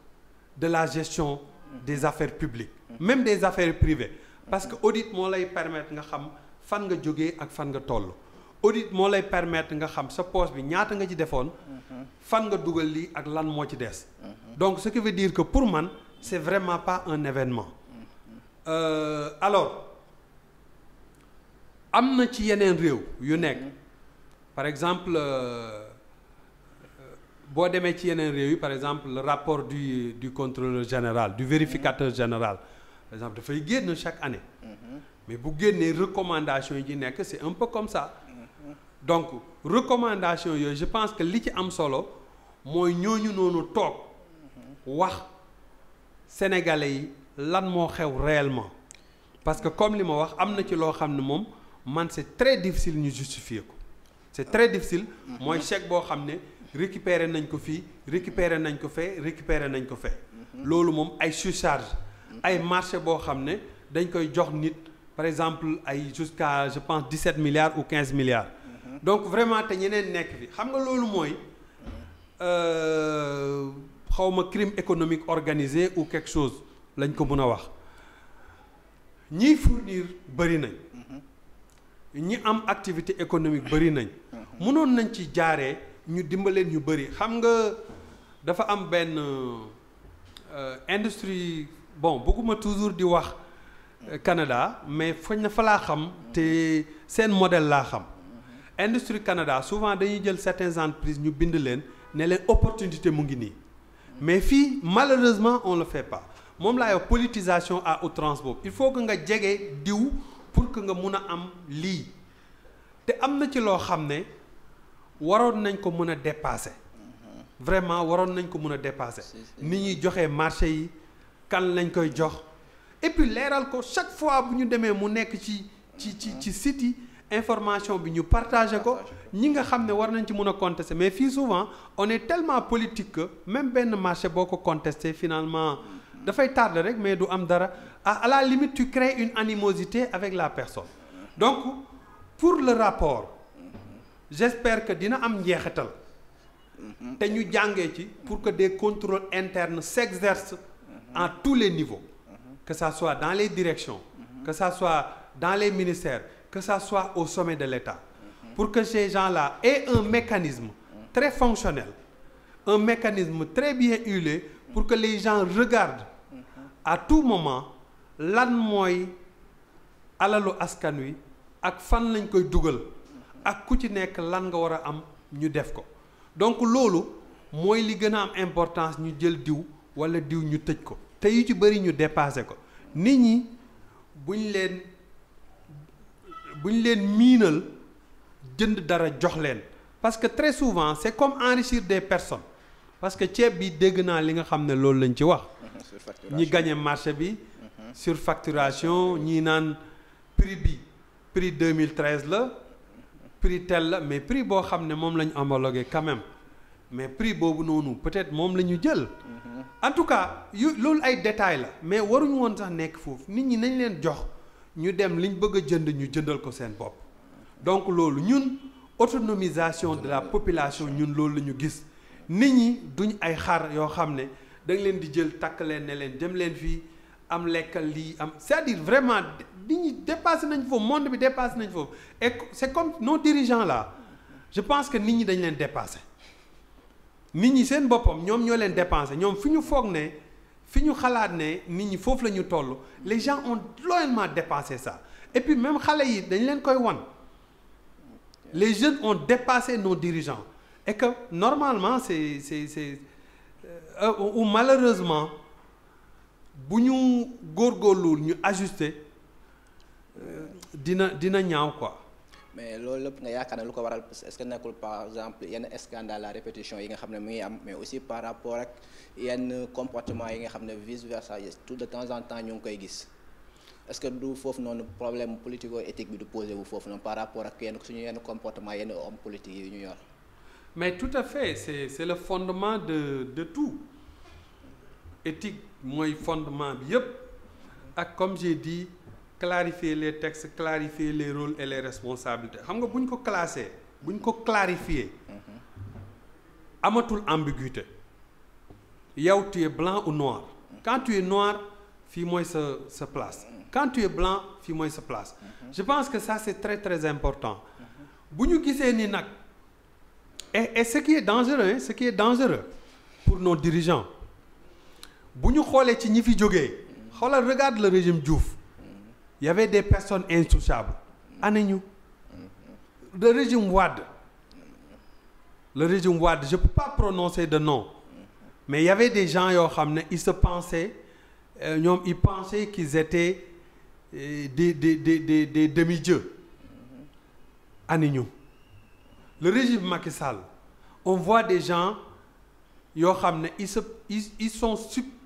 de la gestion des affaires publiques même des affaires privées parce que audit moo lay permettre nga xam fan nga jógee ak fan nga toll audit moo lay permettre nga xam sa poche bi ñaata nga ci defoon mhm. fan nga dugal lii ak lan moo ci des mhm. donc ce qui veut dire que pour man c'est vraiment pas un événement mhm. euh, alors am na ci yeneen réew yu nekk par exemple euh, euh, boo demee ci yeneen réew yi par exemple le rapport du du contrôleur général du vérificateur général par exemple dafay génn chaque année mais bu génnee recommandation yi ci nekk c'est un peu comme ça donc recommandation yooyu je pense que li ci am solo mooy ñooñu noonu toog wax sénégalais yi lan moo xew réellement parce que comme li ma wax am na ci loo xam ne moom man c'est très difficile ñu justifier ko c'est très difficile mooy chèque boo xam ne récupérer nañ ko fii récupérer nañ ko fee récupérer nañ ko fee loolu moom ay surcharge ay marché boo xam ne dañ koy jox nit par exemple ay jusqu'à je pense 17 milliards ou 15 milliards donc vraiment te ñeneen nekk bi xam nga loolu mooy euh, xaw ma crime économique organisé ou quelque chose lañ ko mën a wax ñii fournir bëri nañ mm-hmm. ñi am activité économique bëri nañ mënoon mm-hmm. nañ ci jaaree ñu dimbaleen yu bëri xam nga dafa am benn euh, industrie bon bëgguma toujours di wax euh, Canada mais fañ na falaa xam te seen modèle laa xam industrie Canada souvent dañuy jël certaines entreprises ñu bind leen ne leen opportunité mu ngi nii mais fii malheureusement on la fait pas moom laay wax politisation à outrance boobu il faut que nga jege diw pour que nga mun a am lii te am na ci loo xam ne waroon nañ ko mën a dépasser vraiment waroon nañ ko mën a dépasser ni ñuy joxe marché yi kan lañ koy jox et leeral ko chaque fois bu ñu demee mu nekk ci ci ci ci site yi information bi ñu partagé ko ñi nga xam ne war nañ ci mën a contester mais fii souvent on est tellement politique que même benn marché boo ko contester finalement dafay tardé rek mais du am dara à la limite tu crées une animosité avec la personne donc pour le rapport j'espère que dina am njeexital te ñu jàngee ci pour que des contrôles internes s'exercent à tous les niveaux que ça soit dans les directions que ça soit dans les ministères que ça soit au sommet de l'État pour que ces gens-là aient un mécanisme très fonctionnel, un mécanisme très bien huilé pour que les genre regardent à tout moment lan mooy alalu askan wi ak fan lañ koy dugal ak ku ci nekk lan nga war a am ñu def ko donc loolu mooy li gën a am importance ñu jël diw wala diw ñu tëj ko te yu ci bëri ñu dépassé ko nit ñi buñ leen bu ñu leen miinal jënd dara jox leen parce que très souvent c'est comme enrichir des personnes parce que ceeb bi dégg naa li nga xam ne loolu lañ ci wax ñi gañe marché bi mhm. surfacturation ñi naan prix bi prix 2013 la prix tel la mais prix boo xam ne moom la ñu homologué mais prix boobu noonu peut-être moom la ñu jël mhm. en tout cas yu loolu ay détails la mais waruñu woon sax nekk foofu nit ñi nañ leen jox ñu dem liñ bëgg a jënd ñu jëndal ko seen bopp donc loolu ñun autonomisation de la population ñun loolu la ñu gis nit ñi duñ ay xar yoo xam ne dañ leen di jël takk leen ne leen dem leen fii am lekkal lii am cest dire vraiment nit ñi dépassé nañ foofu monde bi dépassé nañ foofu et c'est comme non dirigeants là je pense que nit ñi dañ leen dépassé nit ñi seen boppam ñoom ñoo leen dépensé ñoom fi ñu foog ne fi ñu xalaat ne nit ñi foofu la ñu toll les gens ont loyalement dépassé ça et puis même xale yi dañu leen koy wan les jeunes ont dépassé nos dirigeants et que normalement c'est c'est c'est euh, euh ou malheureusement bu ñu góor góor góorgóorluwul ñu ajuster euh, dina dina ñaaw quoi. mais loolu lépp nga yaakaar ne lu ko waral est-ce que nekkul par exemple yenn scandale à répétition yi nga xam ne mu ngi am mais aussi par rapport ak. yenn comportement yi nga xam ne vice versa tout de temps en temps ñu ngi koy gis est que du foofu noonu problème politico éthique bi du posé wu foofu noonu par rapport ak yenn suñu yenn comportement yenn homme politique yi ñu yor. mais tout à fait c'est c'est le fondement de de tout éthique mooy fondement bi yépp ak comme j'ai dit clarifier les textes clarifier les rôles et les responsabilité xam nga bu ko classé bu ñu ko clarifier mm-hmm. amatul ambiguïté. yow tu es blanc ou noir quand tu noir fii mooy sa sa place quand tu blanc fii mooy sa place je pense que ça c'est très très important bu ñu gisee ni nag et ce qui est dangereux hein, ce qui est dangereux pour nos dirigeants bu ñu xoolee ci ñi fi jógee xoolal regarde le régime Diouf y avait des personnes intouchables ana ñu de régime Wade le régime Wade je peux pas prononcer de nom mais il des gens yoo xam ne ils se pensaient euh, ñoom ils pensaient qu'ils étaient de euh, des des des de demi-dieux ani ñu le régime Macky Sall on des gens yoo xam ne ils se ils ils sont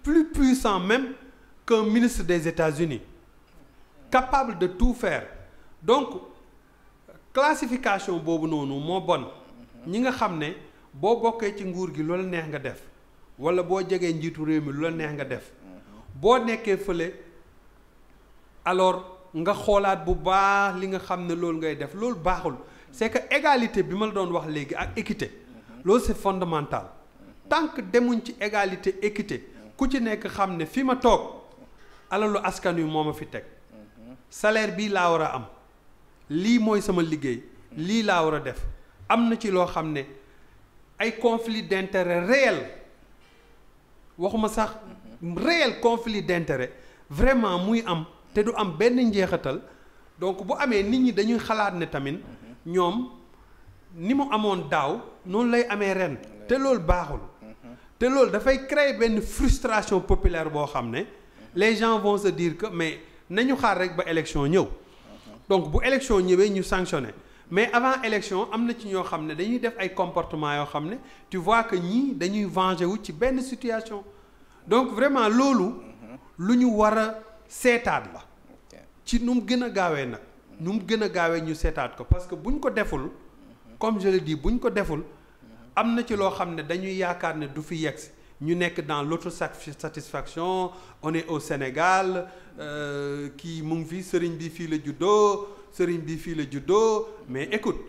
plus puissants même que ministre des États-Unis capable de tout faire donc classification boobu noonu moo bon ñi nga xam ne boo bokkee ci nguur gi loolu neex nga def wala boo jegee njiitu réew mi lu la neex nga def boo nekkee fële alors nga xoolaat bu baax li nga xam ne loolu ngay def loolu baaxul c'est que égalité bi ma la doon wax léegi ak équité lool c'est fondamental tant que demuñ ci égalité équité ku ci nekk xam ne fi ma toog alalu askan wi moo ma fi teg salaire bii laa war a am lii mooy sama liggéey lii laa war a def am na ci loo xam ne ay conflit d'intérêt réel waxuma sax réel conflit d'intérêt vraiment muy am te du am benn njeexital donc bu amee nit ñi dañuy xalaat ne tamit ñoom ni mu amoon daaw noonu lay amee ren te lool baaxul te loolu dafay créer benn frustration populaire boo xam ne les gens vont se dire que mais nañu xaar rek ba élection ñëw donc bu élection ñëwee ñu sanctionné mais avant élection am na ci ñoo xam ne dañuy def ay comportement yoo xam ne tu vois que ñii dañuy venger wu ci benn situation donc vraiment loolu lu ñu war a seetaat la ci nu mu gën a gaawee nag nu mu gën a gaawee ñu seetaat ko parce que buñ ko deful comme je le dis buñ ko deful am na ci loo xam ne dañuy yaakaar ne du fi yegsi ñu nekk dans l'autosatisfaction on est au Sénégal euh, kii mu ngi fi sëriñ bi fii la juddoo sëriñ bi fii la juddoo mais écoute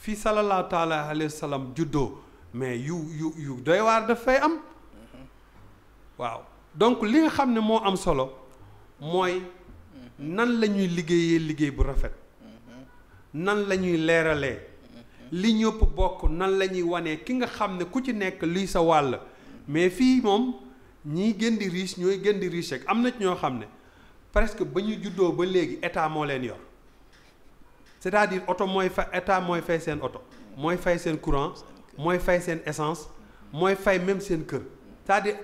fii sallallahu taala alayhi juddoo mais yu yu yu doy waar daf fay am waaw donc li nga xam ne moo am solo mooy nan la ñuy liggéeyee liggéey bu rafet nan la ñuy leeralee li ñëpp bokk nan la ñuy wanee ki nga xam ne ku ci nekk luy sa wàll mais fii moom ñiy gën di riche ñooy gën di riche rek am na ñoo xam ne presque ba ñu juddoo ba léegi état moo leen yor cest à oto mooy fa état mooy fay seen oto mooy fay seen courant mooy fay seen essence mooy fay même seen kër c'est-à-dire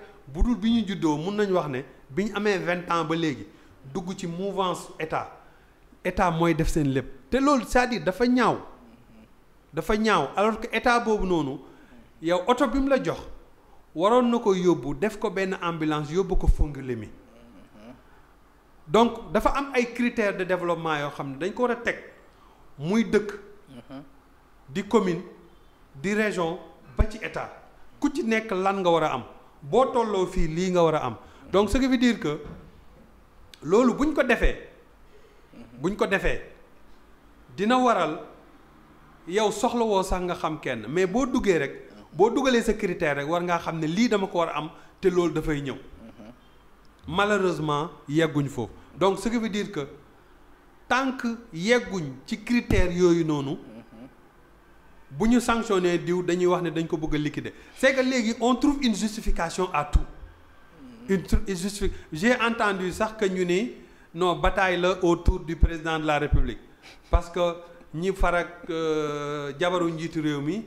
bi ñu juddoo mun nañu wax ne bi ñu amee vingt ans ba léegi dugg ci mouvance état état mooy def seen lépp te loolu cest à dafa ñaaw dafa ñaaw alors que état boobu noonu yow oto bi mu la jox waroon na ko yóbbu def ko benn ambulance yóbbu ko mi donc dafa am ay critères de développement yoo xam ne dañ ko war a teg. muy dëkk mhm. di commune di région ba ci état ku ci nekk lan nga war a am boo tolloo fii lii nga war a am donc ce qui veut dire que loolu buñ ko defee mhm. buñ ko defee dina waral yow soxlawoo sax nga xam kenn mais boo duggee rek mhm. boo dugalee sa critère rek war ngaa xam ne lii dama ko war a am te loolu dafay ñëw malheureusement yegguñu foofu donc ce qui veut dire tant que yegguñ ci critères yooyu noonu bu ñu sanctionné diw dañuy wax ne dañ ko bëgg a liquider c'est léegi on trouve une justification à tout mm. une justification j'ai entendu sax que ñu ni non bataille la autour du président de la république parce que ñi farak euh, jabaru njiitu réew mi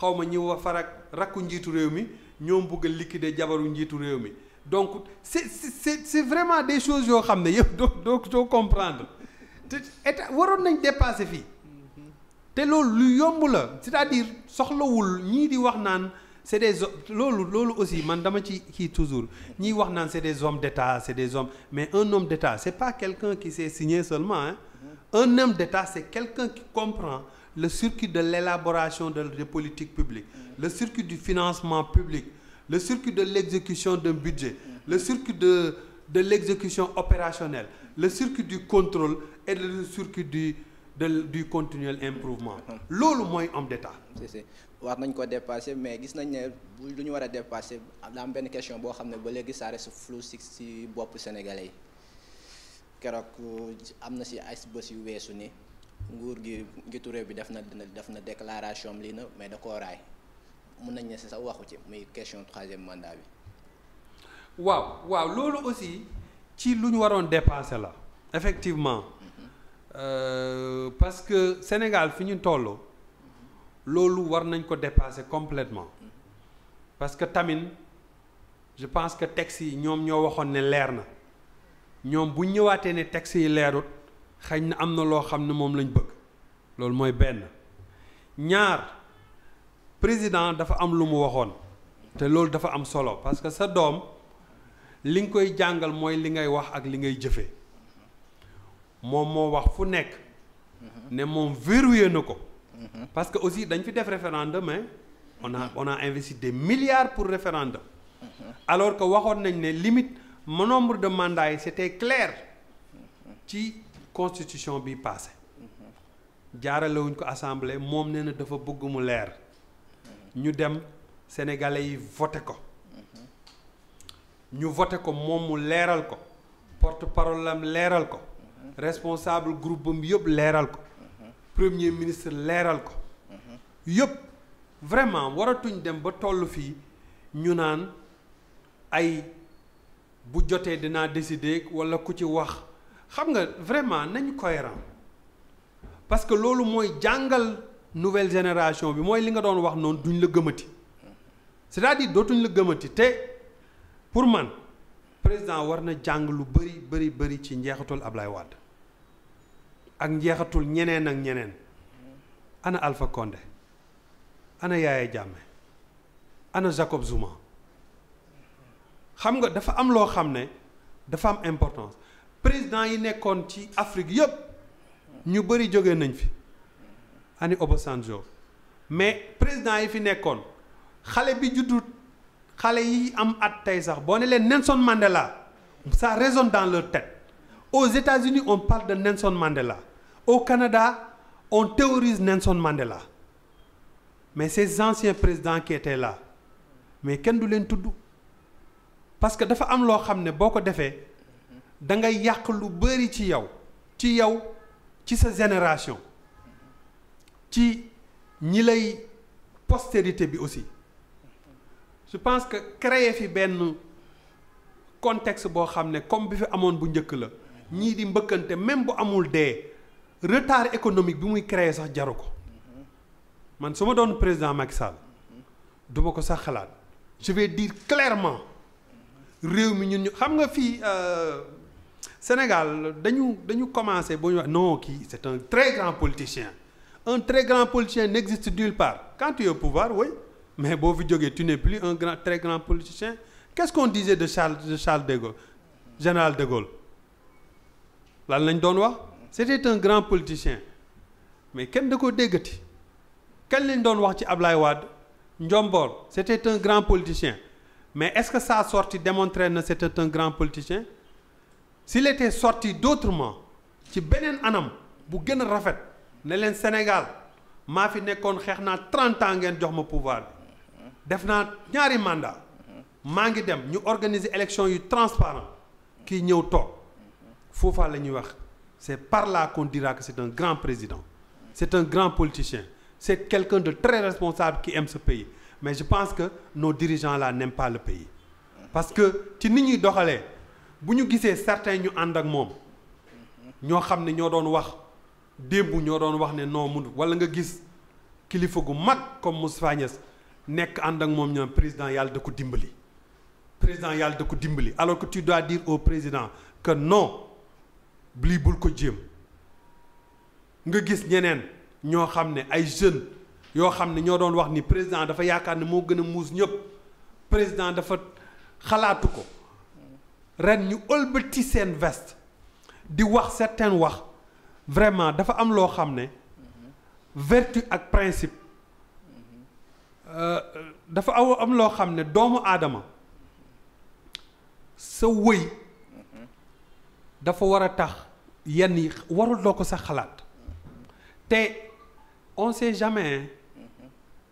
xaw ma ñi farak rakku njiitu réew mi ñoom bëgg a liquider jabaru njiitu réew mi donc c'est c'est c'est vraiment des choses yoo xam ne yëpp doo doo doo comprendre te état waroon nañ dépasser fii te loolu lu yomb la c'est-à-dire soxlawul ñii di wax naan c'est des loolu loolu aussi man dama ci kii toujours ñii wax naan c'est des hommes d'état c'est des hommes mais un nom d'état c'est pas quelqu'un qui s'est signé seulement hein un homme d'état c'est quelqu'un qui comprend le circuit de l'élaboration de des politiques publiques le circuit du financement public le circuit de l'exécution d'un budget le circuit de de l'exécution opérationnelle le circuit du contrôle et le circuit du de du continuel improvement. loolu mooy homme d'état. si wax nañ ko dépasser mais gis nañ ne bu lu ñu war a dépasser am benn question boo xam ne ba léegi ça reste flou si si bopp sénégalais yi keroog euh, am na si ay bés yu weesu ni nguur gi njiitu réew bi def na def na déclaration am lii na mais da koo raay mun nañ ne si sax waxu ci muy question troisième mandat bi. waaw waaw loolu aussi. ci lu ñu waroon dépasser la effectivement euh, parce que Sénégal fi ñu tollu loolu war nañ ko dépasser completement parce que tamit je pense que textes yi ñoom ñoo waxoon ne leer na ñoom bu ñëwaatee ne textes yi leerut xëy na am na loo xam ne moom lañ bëgg loolu mooy benn ñaar président dafa am lu mu waxoon te loolu dafa am solo parce que sa doom. li nga koy jàngal mooy li ngay wax ak li ngay jëfee moom moo wax fu nekk ne moom verrouillé na ko parce que aussi dañ fi def référendum hein on a on a investi milliards pour référendum alors que waxoon nañ ne limite nombre de mandats yi c'était clair ci constitution bi passé jaaralewuñ ko assemblée moom nee na dafa bëgg mu leer ñu dem sénégalais yi voté ko ñu vote ko moom mu leeral ko porte parole leeral ko responsable groupe bam yëpp leeral ko premier ministre leeral ko yëpp vraiment waratuñ dem ba toll fii ñu naan ay bu jotee dinaa décider walla ku ci wax xam nga vraiment nañ cohérent parce que loolu mooy jàngal nouvelle génération bi mooy li nga doon wax noonu duñ la gëmati cest à dootuñ la gëmati te pour man président war na jàng lu bëri bëri bëri ci njeexatul Ablaye Wade ak njeexatul ñeneen ak ñeneen ana Alpha Condé ana Yaya Jammeh ana Jacob Zuma xam nga dafa am loo xam ne dafa am importance président yi nekkoon ci Afrique yëpp ñu bëri jóge nañ fi ani Obasanjo mais président yi fi nekkoon xale bi juddut xale yi am at tey sax boo ne leen Nelson Mandela ça résonne dans leur tête aux États-Unis on parle de Nelson Mandela au Canada on théorise Nelson Mandela mais ces anciens présidents qui étaient là mais kenn du leen tudd parce que dafa am loo xam ne boo ko defee da ngay yàq lu bëri ci yow ci yow ci sa génération ci ñi lay postérité bi aussi je pense que créer fi benn contexte boo xam ne comme bi fi amoon bu njëkk la ñii di mbëkkante même bu amul dee retard économique bi muy créer sax jaru ko man su ma doon président Macky Sall du ko sax xalaat je vais dire clairement réew mi ñu ñu xam nga fii euh, Sénégal dañu dañu commencé boo ñu wax non kii c'est un très grand politicien un très grand politicien n'existe nulle part quand tu es au pouvoir oui mais boo fi jógee tu plus un grand très grand politicien qu'est-ce qu'on disait de Charles de Charles de Gaulle général de Gaulle lan lañ doon wax c'était un grand politicien mais kenn da ko déggati kenn lañ doon wax ci Ablaye Wade Njomboor c'était un grand politicien mais est-ce que sa sortie démontrait na c'était un grand politicien s'il était sorti d'autrement ci beneen anam bu gën a rafet ne leen Sénégal maa fi nekkoon xeex naa 30 ans ngeen jox ma pouvoir def naa ñaari mandat maa ngi dem ñu organiser élection yu transparent kii ñëw toog foofa la ñuy wax c'est par là qu'on dira que c'est un grand président c'est un grand politicien c'est quelqu'un de très responsable qui aime ce pays mais je pense que nos dirigeants là n'aiment pas parce que ci nit ñuy doxalee bu ñu gisee certains ñu ànd ak moom ñoo xam ne ñoo doon wax démb ñoo doon wax ne non mun wala nga gis kilifa gu mag comme Moustapha nekk ànd ak moom ñoom président yàlla da ko dimbali président yàlla da ko dimbali alors que tu dois dire au président que non lii bul ko jéem nga gis ñeneen ñoo xam ne ay jeunes yoo xam ne ñoo doon wax ni président dafa yaakaar ne moo gën a muus ñëpp président dafa xalaatu ko ren ñu ëlbati seen vest di wax certains wax vraiment dafa am loo xam ne vertu ak principe Euh, dafa aw am loo xam ne doomu aadama sa wëy dafa war a tax yenn yi warul loo ko sa xalaat te on sait jamais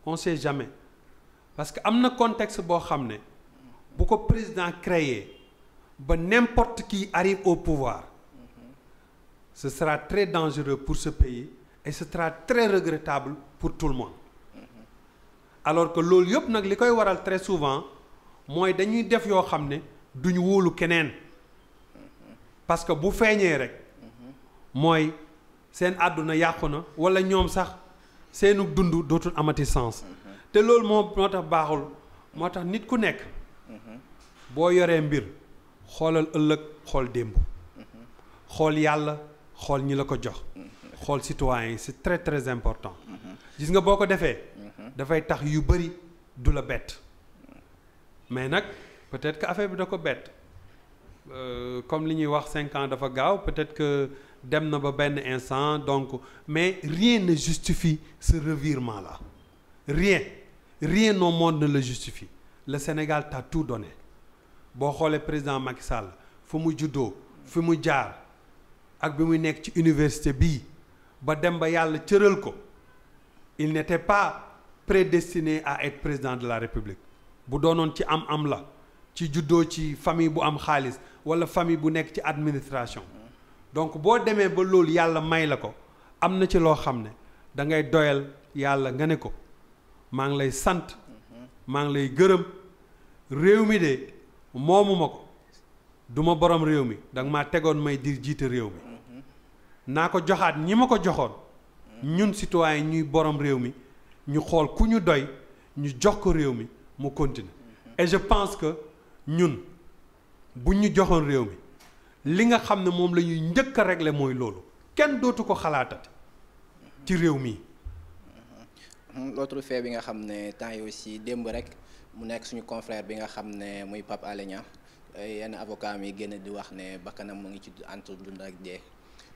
on sait jamais parce que am na contexte boo xam ne bu ko président créé ba n'importe qui arrive au pouvoir ce sera très dangereux pour ce pays et ce sera très regrettable pour tout le monde alors que loolu yëpp nag li koy waral très souvent mooy dañuy def yoo xam ne duñu wóolu keneen parce que bu feeñee rek mooy seen àdduna yàqu na walla ñoom sax seenu dund dootul amati sens te loolu moo moo tax baaxul moo tax nit ku nekk boo yoree mbir xoolal ëllëg xool démb xool yàlla xool ñi la ko jox xool citoyen yi c'est très très important gis nga boo ko defee dafay tax yu bëri du la bett mais nag peut-être que affaire bi da ko bett euh, comme li ñuy wax cinq ans dafa gaaw peut-être que dem na ba benn instant donc mais rien ne justifie ce revirement là rien rien au monde ne le justifie le Sénégal t'a tout donné boo xoolee président Macky Sall fu mu juddoo fi mu jaar ak bi muy nekk ci université bii ba dem ba yàlla cëral ko il n'était pas prédestiné à être président de la république bu doonoon ci am am la ci juddoo ci famille bu am xaalis walla famille bu nekk ci administration donc boo demee ba loolu yàlla may la ko am na ci loo xam ne da ngay doyal yàlla nga ne ko maa ngi lay sant maa ngi lay gërëm réew mi de moomu ma ko du ma borom réew mi danga maa tegoon may dir jiite réew mi naa ko joxaat ñi ma ko joxoon ñun citoyen ñuy borom réew mi ñu xool ku ñu doy ñu jox ko réew mi mu continuer mm-hmm. et je pense que ñun bu ñu joxoon réew mi li nga xam ne moom la ñuy njëkk a régler mooy loolu kenn dootu ko xalaatati ci mm-hmm. réew mi. Mm-hmm. l'autre fait bi nga xam ne temps yi aussi démb rek mu nekk suñu confrère bi nga xam ne muy pap Alé yenn avocat mi génn di wax ne bakkanam mu ngi ci entre dund ak dee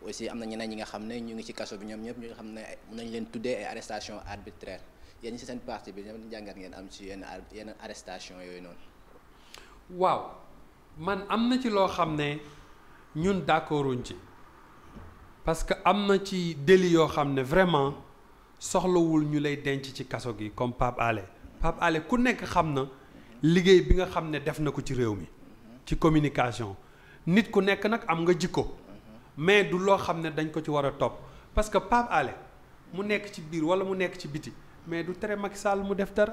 aussi am na ñeneen ñi nga xam ne ñu ngi ci kaso bi ñoom ñëpp ñu nga xam ne mën leen tuddee ay arrestation arbitraire yéen si seen parti bi ñoom jàngat ngeen am ci yenn yenn arrestation yooyu noonu. waaw man am na ci loo xam ne ñun d'accorduñ ci parce que am na ci délit yoo xam ne vraiment soxlawul ñu lay denc ci kaso gi comme Pape Alé Pape ku nekk xam na liggéey bi nga xam ne def na ko ci réew mi ci communication nit ku nekk nag am nga jikko mais du loo xam ne dañ ko ci war a topp parce que Pape Alé mu nekk ci biir wala mu nekk ci biti mais du tere Macky Sall mu def dara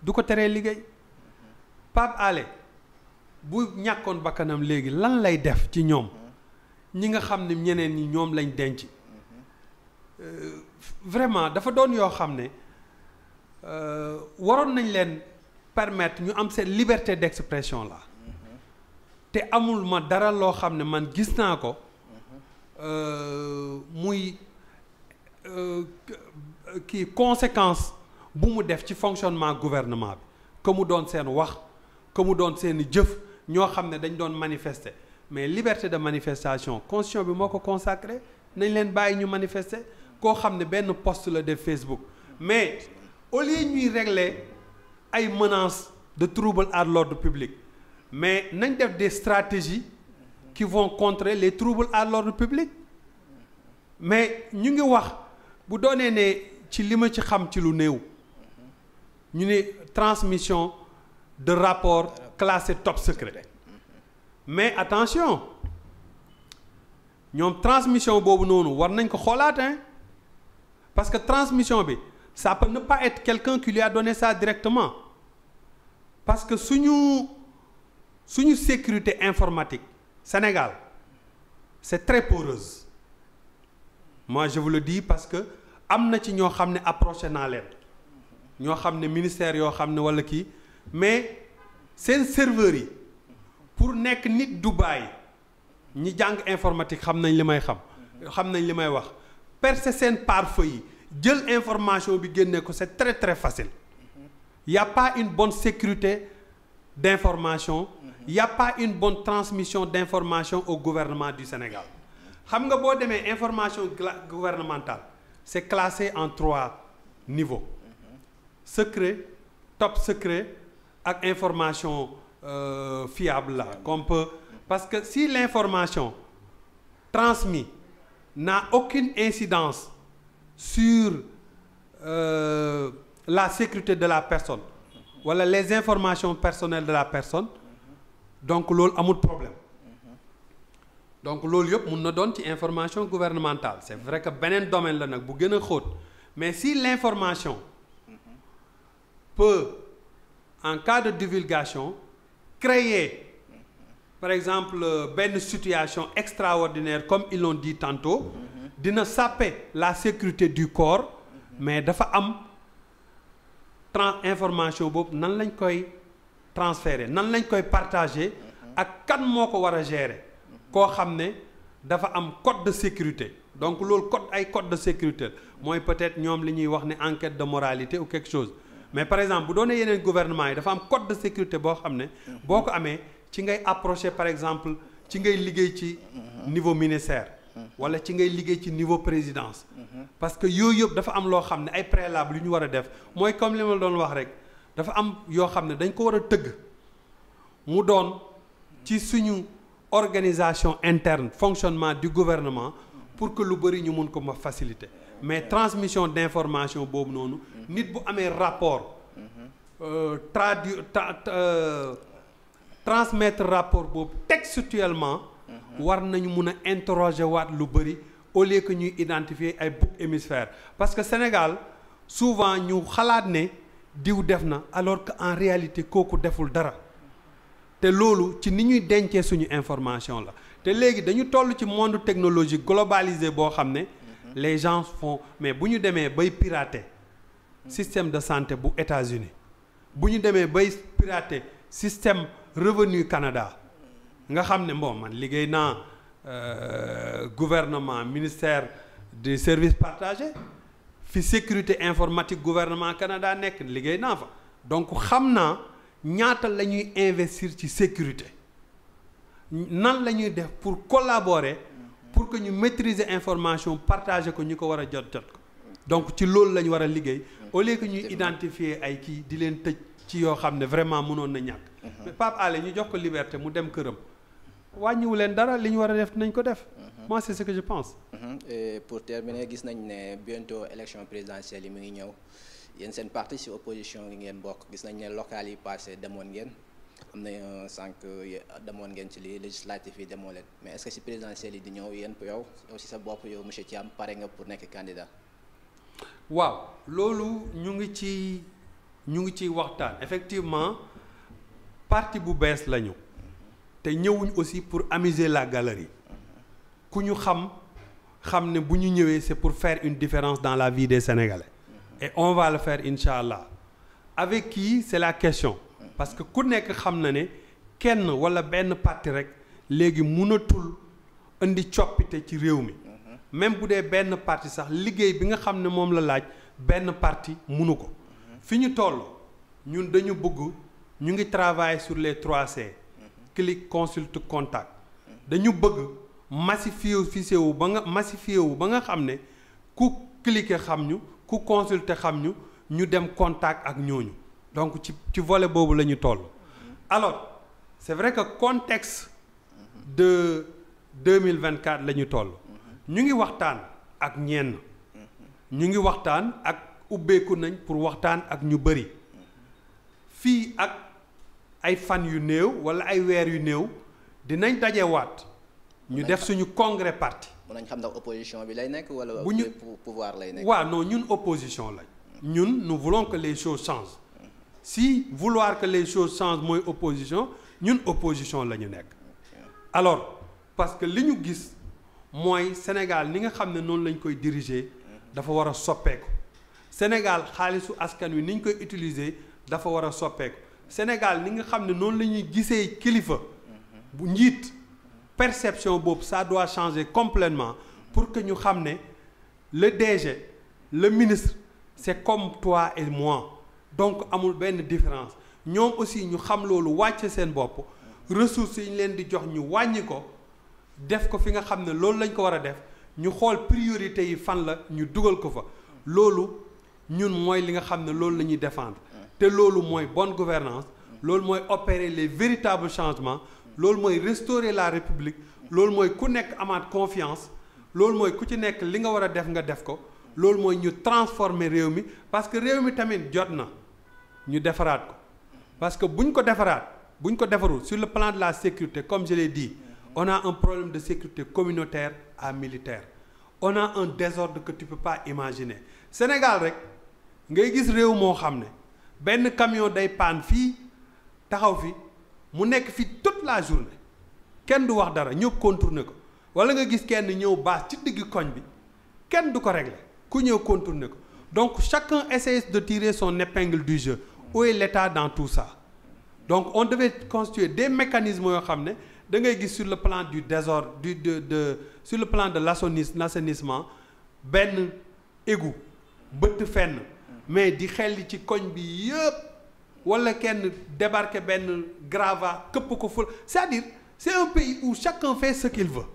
du ko teree liggéey Pape Alé bu ñàkkoon bakkanam léegi lan lay def ci ñoom ñi nga xam ne ñeneen yi ñoom lañ denc euh, vraiment dafa doon yoo xam ne euh, waroon nañ leen permettre ñu am seen liberté d'expression la te amul ma dara loo xam ne man gis naa ko Euh, muy euh, kii conséquence bu mu def ci fonctionnement gouvernement bi que mu doon seen wax que mu doon seen jëf ñoo xam ne dañ doon manifester mais liberté de manifestation constitution bi moo ko consacré nañ leen bàyyi ñu manifester koo xam ne benn post la def Facebook mais au lieu ñuy régler ay menaces de trouble à l'ordre public mais nañ def des stratégies qui vont contrer les troubles à l'ordre public mais ñu ngi wax bu doonee ne ci li ma ci xam ci lu néew ñu ne transmission de rapport classé top secret mais attention ñoom transmission boobu noonu war nañ ko xoolaat parce que transmission bi ça pa ne pas être quelqu'un qui lui a ça directement parce que suñu suñu sécurité informatique Sénégal c'est très poreuse moi je vous le dis parce que am na ci ñoo xam ne approché naa leen ñoo xam ne ministère yoo xam ne walla kii mais seen serveurs yi pour nekk nit du Dubaï ñi jàng informatique xam nañ li may xam xam nañ li may wax percer seen pare-feu yi jël information bi génne ko c'est très très facile il pas une bonne sécurité d'information y a pas une bonne transmission d'information au gouvernement du Sénégal xam nga boo demee information gouvernementale c'est classé en trois niveaux secret top secret ak information euh, fiable là qu'on peut parce que si l'information transmise n'a aucune incidence sur euh, la sécurité de la personne wala les informations personnelles de la personne donc loolu amul problème donc loolu yëpp mun na doon ci information gouvernementale c'est vrai que beneen domaine la nag bu gën a xóot mais si l'information peut en cas de divulgation créer par exemple benn situation extraordinaire comme ils l'ont dit tantôt dina saper la sécurité du corps mais dafa am trans information boobu nan lañ koy transféré nan lañ koy partagé ak kan moo ko war a gérer koo xam ne dafa am code de sécurité donc loolu code ay code de sécurité mooy peut-être ñoom li ñuy wax ne enquête de moralité ou quelque chose mais par exemple bu doonee yeneen gouvernement yi dafa am code de sécurité boo xam ne boo ko amee ci ngay approché par exemple ci ngay liggéey ci niveau ministère wala ci ngay liggéey ci niveau présidence parce que yooyu yëpp dafa am loo xam ne ay préalable yu ñu war a def mooy comme li ma doon wax rek dafa am yoo xam ne dañ ko war a tëgg mu doon ci suñu organisation interne fonctionnement du gouvernement pour que lu bëri ñu mun ko ma facilité mais transmission d'information boobu noonu nit bu amee rapport euh, tradu euh, transmettre rapport boobu teg textuellement war nañu mun a interroger waat lu bëri au lieu que ñuy identifier ay bouc hémisphère parce que Sénégal souvent ñu xalaat ne diw def na alors que en réalité kooku deful dara te loolu ci ni ñuy dencee suñu information la te léegi dañu toll ci monde technologique globalisé boo xam ne mhm. les gens font mais bu ñu demee bay pirater mhm. système de santé bu États-Unis bu ñu demee bay pirater système revenu Canada nga xam ne bon man liggéey naa euh, gouvernement ministère des service partagés fi sécurité informatique gouvernement Canada nekk liggéey naa fa donc xam naa ñaata la ñuy investir ci sécurité nan la ñuy def pour collaborer pour que ñu maîtriser information partager ko ñu ko war a jot jot ko donc ci loolu la ñu war a liggéey au lieu que ñuy identifier ay kii di leen tëj ci yoo xam ne vraiment mënoon na ñàkk mais uh-huh. Pape ñu jox ko liberté mu dem këram wàññiwu leen dara li ñu war a def nañ ko def moi c'est ce que je pense. Mhm. Et pour terminer gis nañ ne biento élection présidentielle yi mu ngi ñëw yéen seen parti ci opposition yi ngeen bokk gis nañ ne local yi passé demoon ngeen am na euh, sànq demoon ngeen ci li législatif yi demoo leen mais est-ce que ci présidentielle yi di ñëw yéen yow aussi sa bopp yow ci am pare nga pour nekk candidat. waaw loolu ñu ngi ci ñu ngi ci waxtaan effectivement parti bu bees lañu te ñëwuñu aussi pour amuser la galerie. ku ñu xam xam ne bu ñu ñëwee c'est pour faire une différence dans la vie des et on va faire incha allah avec qui c'est la question parce que ku nekk xam na ne kenn wala benn parti rek léegi mënatul indi coppite ci réew mi même bu dee benn parti sax liggéey bi nga xam ne moom la laaj benn parti munu ko fi ñu toll ñun dañu bëgg ñu ngi travailler sur les 3C clic consulte contact dañu bëgg massifié wu ba nga massifié wu ba nga xam ne ku kilike xam ñu ku consulter xam ñu ñu dem contact ak ñooñu donc ci ci volet boobu la ñu toll alors c'est vrai que contexte de 2024 la ñu toll ñu ngi waxtaan ak ñenn ñu ngi waxtaan ak ubbeeku nañ pour waxtaan ak ñu bëri fii ak ay fan yu néew walla ay weer yu néew dinañ dajewaat ñu def suñu congrès parti. mën nañ xam ndax opposition bi lay nekk wala. bu ñu pouvoir lay nekk. waaw non ñun opposition lañ. ñun nu voulons que les choses changent. si vouloir que les choses mooy opposition ñun opposition la ñu nekk. alors parce que li ñu gis mooy Sénégal ni nga xam ne noonu lañ koy diriger. dafa war a soppeeku. Sénégal xaalisu askan wi ni ñu koy utiliser dafa war a soppeeku. Sénégal ni nga xam ne noonu la ñuy gisee kilifa. bu njiit. perception boobu ça doit changer complètement pour que ñu xam ne le DG le ministre c'est comme toi et moi donc amul benn différence ñoom aussi ñu xam loolu wàcc seen bopp ressource yi leen di jox ñu wàññi ko def ko fi nga xam ne loolu lañ ko war a def ñu xool priorité yi fan la ñu dugal ko fa loolu ñun mooy li nga xam ne loolu la ñuy défendre te loolu mooy bonne gouvernance loolu mooy opérer les véritables changements loolu mooy restaurer la république loolu mooy ku nekk amaat confiance loolu mooy ku ci nekk li nga war a def nga def ko loolu mooy ñu transformer réew mi parce que réew mi tamit jot na ñu defaraat ko parce que buñ ko defaraat buñ ko defarul sur le plan de la sécurité comme je l'ai dit on a un problème de sécurité communautaire à militaire on a un désordre que tu peux pas imaginer Sénégal rek ngay gis réew moo xam ne benn camion day paan fii taxaw fi mu nekk fi toute la journée kenn du wax dara ñëw contourner ko wala nga gis kenn ñëw baas ci digg koñ bi kenn du ko régler ku ñëw contourner ko donc chaque essaie de tirer son épingle du jeu où est l'État dans tout ça donc on devait constituer des mécanismes yoo xam ne da ngay gis sur le plan du désordre du de de sur le plan de l'assainissement benn égout bëtt fenn mais di xelli ci koñ bi yëpp wala kenn débarquer benn gravat këpp ko ful c'est-à-dire c'est un pays où chacun fait ce qu'il veut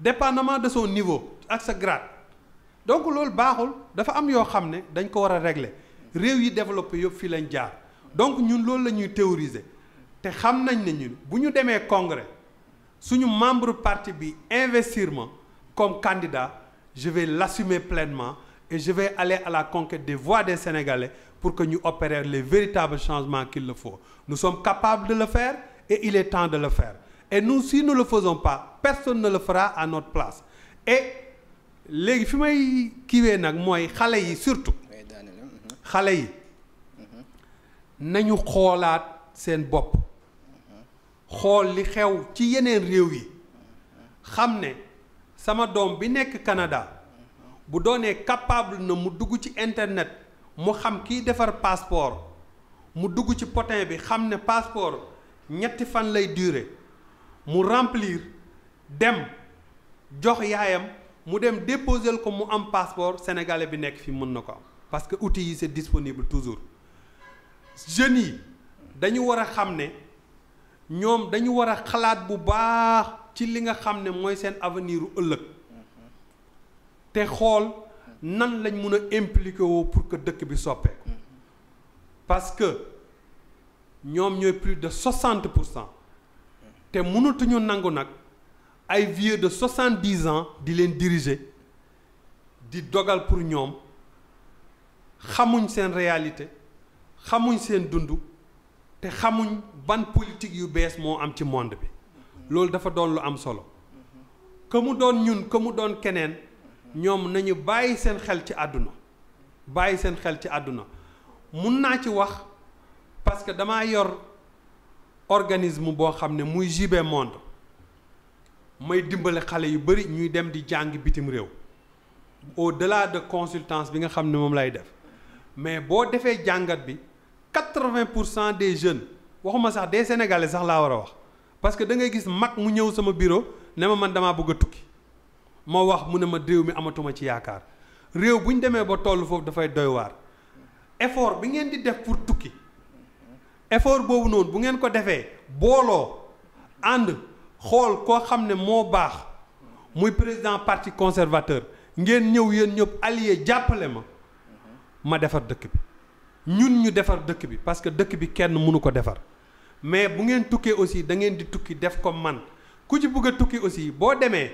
dépendamment de son niveau ak sa grade donc loolu baaxul dafa am yoo xam ne dañ ko war a régler réew yi développé yëpp fii lañ jaar donc ñun loolu la ñuy théoriser te xam nañ ne bu ñu demee congrès suñu membre partie bi investir ma comme candidat je vais l'assumer pleinement et je vais aller à la conquête des voix des Sénégalais pour que ñu opérer les véritables changements qu'il le faut nous sommes capables de le faire et il est temps de le faire et nous si nous le faisons pas personne ne le fera à notre place et léegi fi may kiiwee nag mooy xale yi surtout mm-hmm. xale yi mm-hmm. nañu xoolaat seen bopp xool li xew ci yeneen réew yi xam ne sama doom bi nekk Canada mm-hmm. bu doonee capable na mu dugg ci internet mu xam kiy defar passeport mu dugg ci potin bi xam ne passeport ñetti fan lay durer mu remplir dem jox yaayam mu dem déposer ko mu am passeport sénégalais bi nekk fi mën na ko am parce que outils yi c'est disponible toujours jeunes yi dañu war a xam ne ñoom dañu war a xalaat bu baax ci li nga xam ne mooy seen avenir u ëllëg te xool nan lañ mun a impliqué woo pour que dëkk bi soppeeku parce que ñoom ñooy plus de 60 pour cent te mënatuñu nangu nag ay vieux de 70 ans di leen diriger di dogal pour ñoom xamuñ seen réalité xamuñ seen dund te xamuñ ban politique yu bees moo am ci monde bi loolu dafa doon lu am solo que mu doon ñun que mu doon keneen. ñoom nañu bàyyi seen xel ci àdduna bàyyi seen xel ci àdduna mun naa ci wax parce que damaa yor organisme boo xam ne muy JB Monde may dimbale xale yu bëri ñuy dem di jàng bitim réew au-delà de consultance bi nga xam ne moom lay def mais boo defee jàngat bi quatre-vingt pour cent des jeunes waxuma sax dee sénégalais sax laa war a wax parce que da ngay gis mag mu ñëw sama bureau ne ma man damaa bëgg a tukki ma wax mu ne ma réew mi amatuma ci yaakaar réew bu ñu demee ba toll foofu dafay doy waar effort bi ngeen di def pour tukki effort boobu noonu bu ngeen ko defee booloo ànd xool koo xam ne moo baax muy président parti conservateur ngeen ñëw yéen ñëpp allié jàppale ma ma defar dëkk bi ñun ñu defar dëkk bi parce que dëkk bi kenn mënu ko defar mais bu ngeen tukkee aussi da ngeen di tukki def ko man ku ci bëgg a tukki aussi boo demee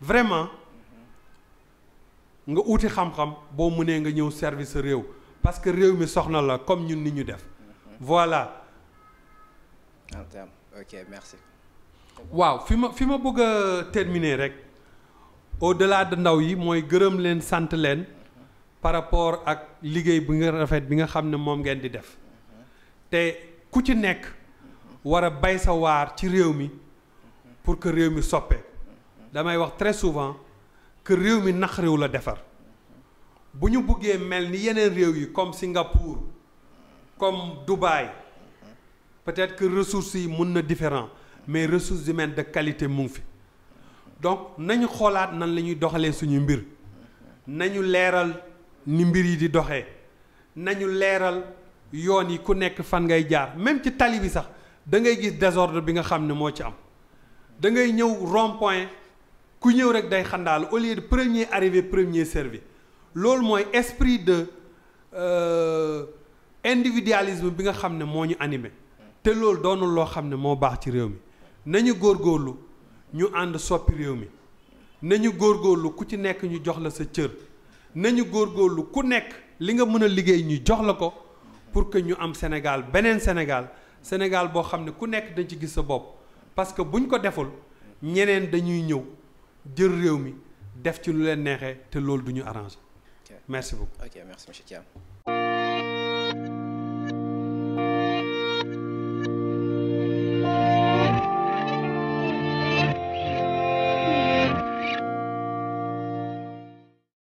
vraiment nga wuti xam-xam boo mënee nga ñëw service sa réew parce que réew mi soxna la comme ñun ni ñu def voilà. ok merci. waaw fi ma fi ma bëgg a terminer rek au-delà de ndaw yi mooy gërëm leen sant leen par rapport ak liggéey bi nga rafet bi nga xam ne moom ngeen di def te ku ci nekk war a bay sa waar ci réew mi pour que réew mi soppee damay wax très souvent kër réew mi nax réew la defar bu ñu buggee mel ni yeneen réew yi comme Singapour comme Dubaï peut-être que ressources yi mun na différent mais ressources humaines de qualité mu fi donc nañu xoolaat na la ñuy doxalee suñu mbir nañu leeral ni mbir yi di doxee nañu leeral yoon yi ku nekk fan ngay jaar même ci tali bi sax da ngay gis désordre bi nga xam ne moo ci am da ngay ñëw rond ku ñëw rek day xandaalu au lieu de premier arrivé premier servi loolu mooy esprit de euh, individualisme bi nga xam ne moo ñu animé te loolu doonul loo xam ne moo baax ci réew mi nañu góorlu ñu ànd soppi réew mi nañu góorlu ku ci nekk ñu jox la sa cër nañu góorlu ku nekk li nga mën a liggéey ñu jox la ko pour que ñu am Sénégal beneen Sénégal Sénégal boo xam ne ku nekk dañ ci gis sa bopp parce que buñ ko deful ñeneen dañuy ñëw jël réew mi def ci lu leen neexee te loolu du ñu arrangé. merci beaucoup ok merci monsieur Thiam.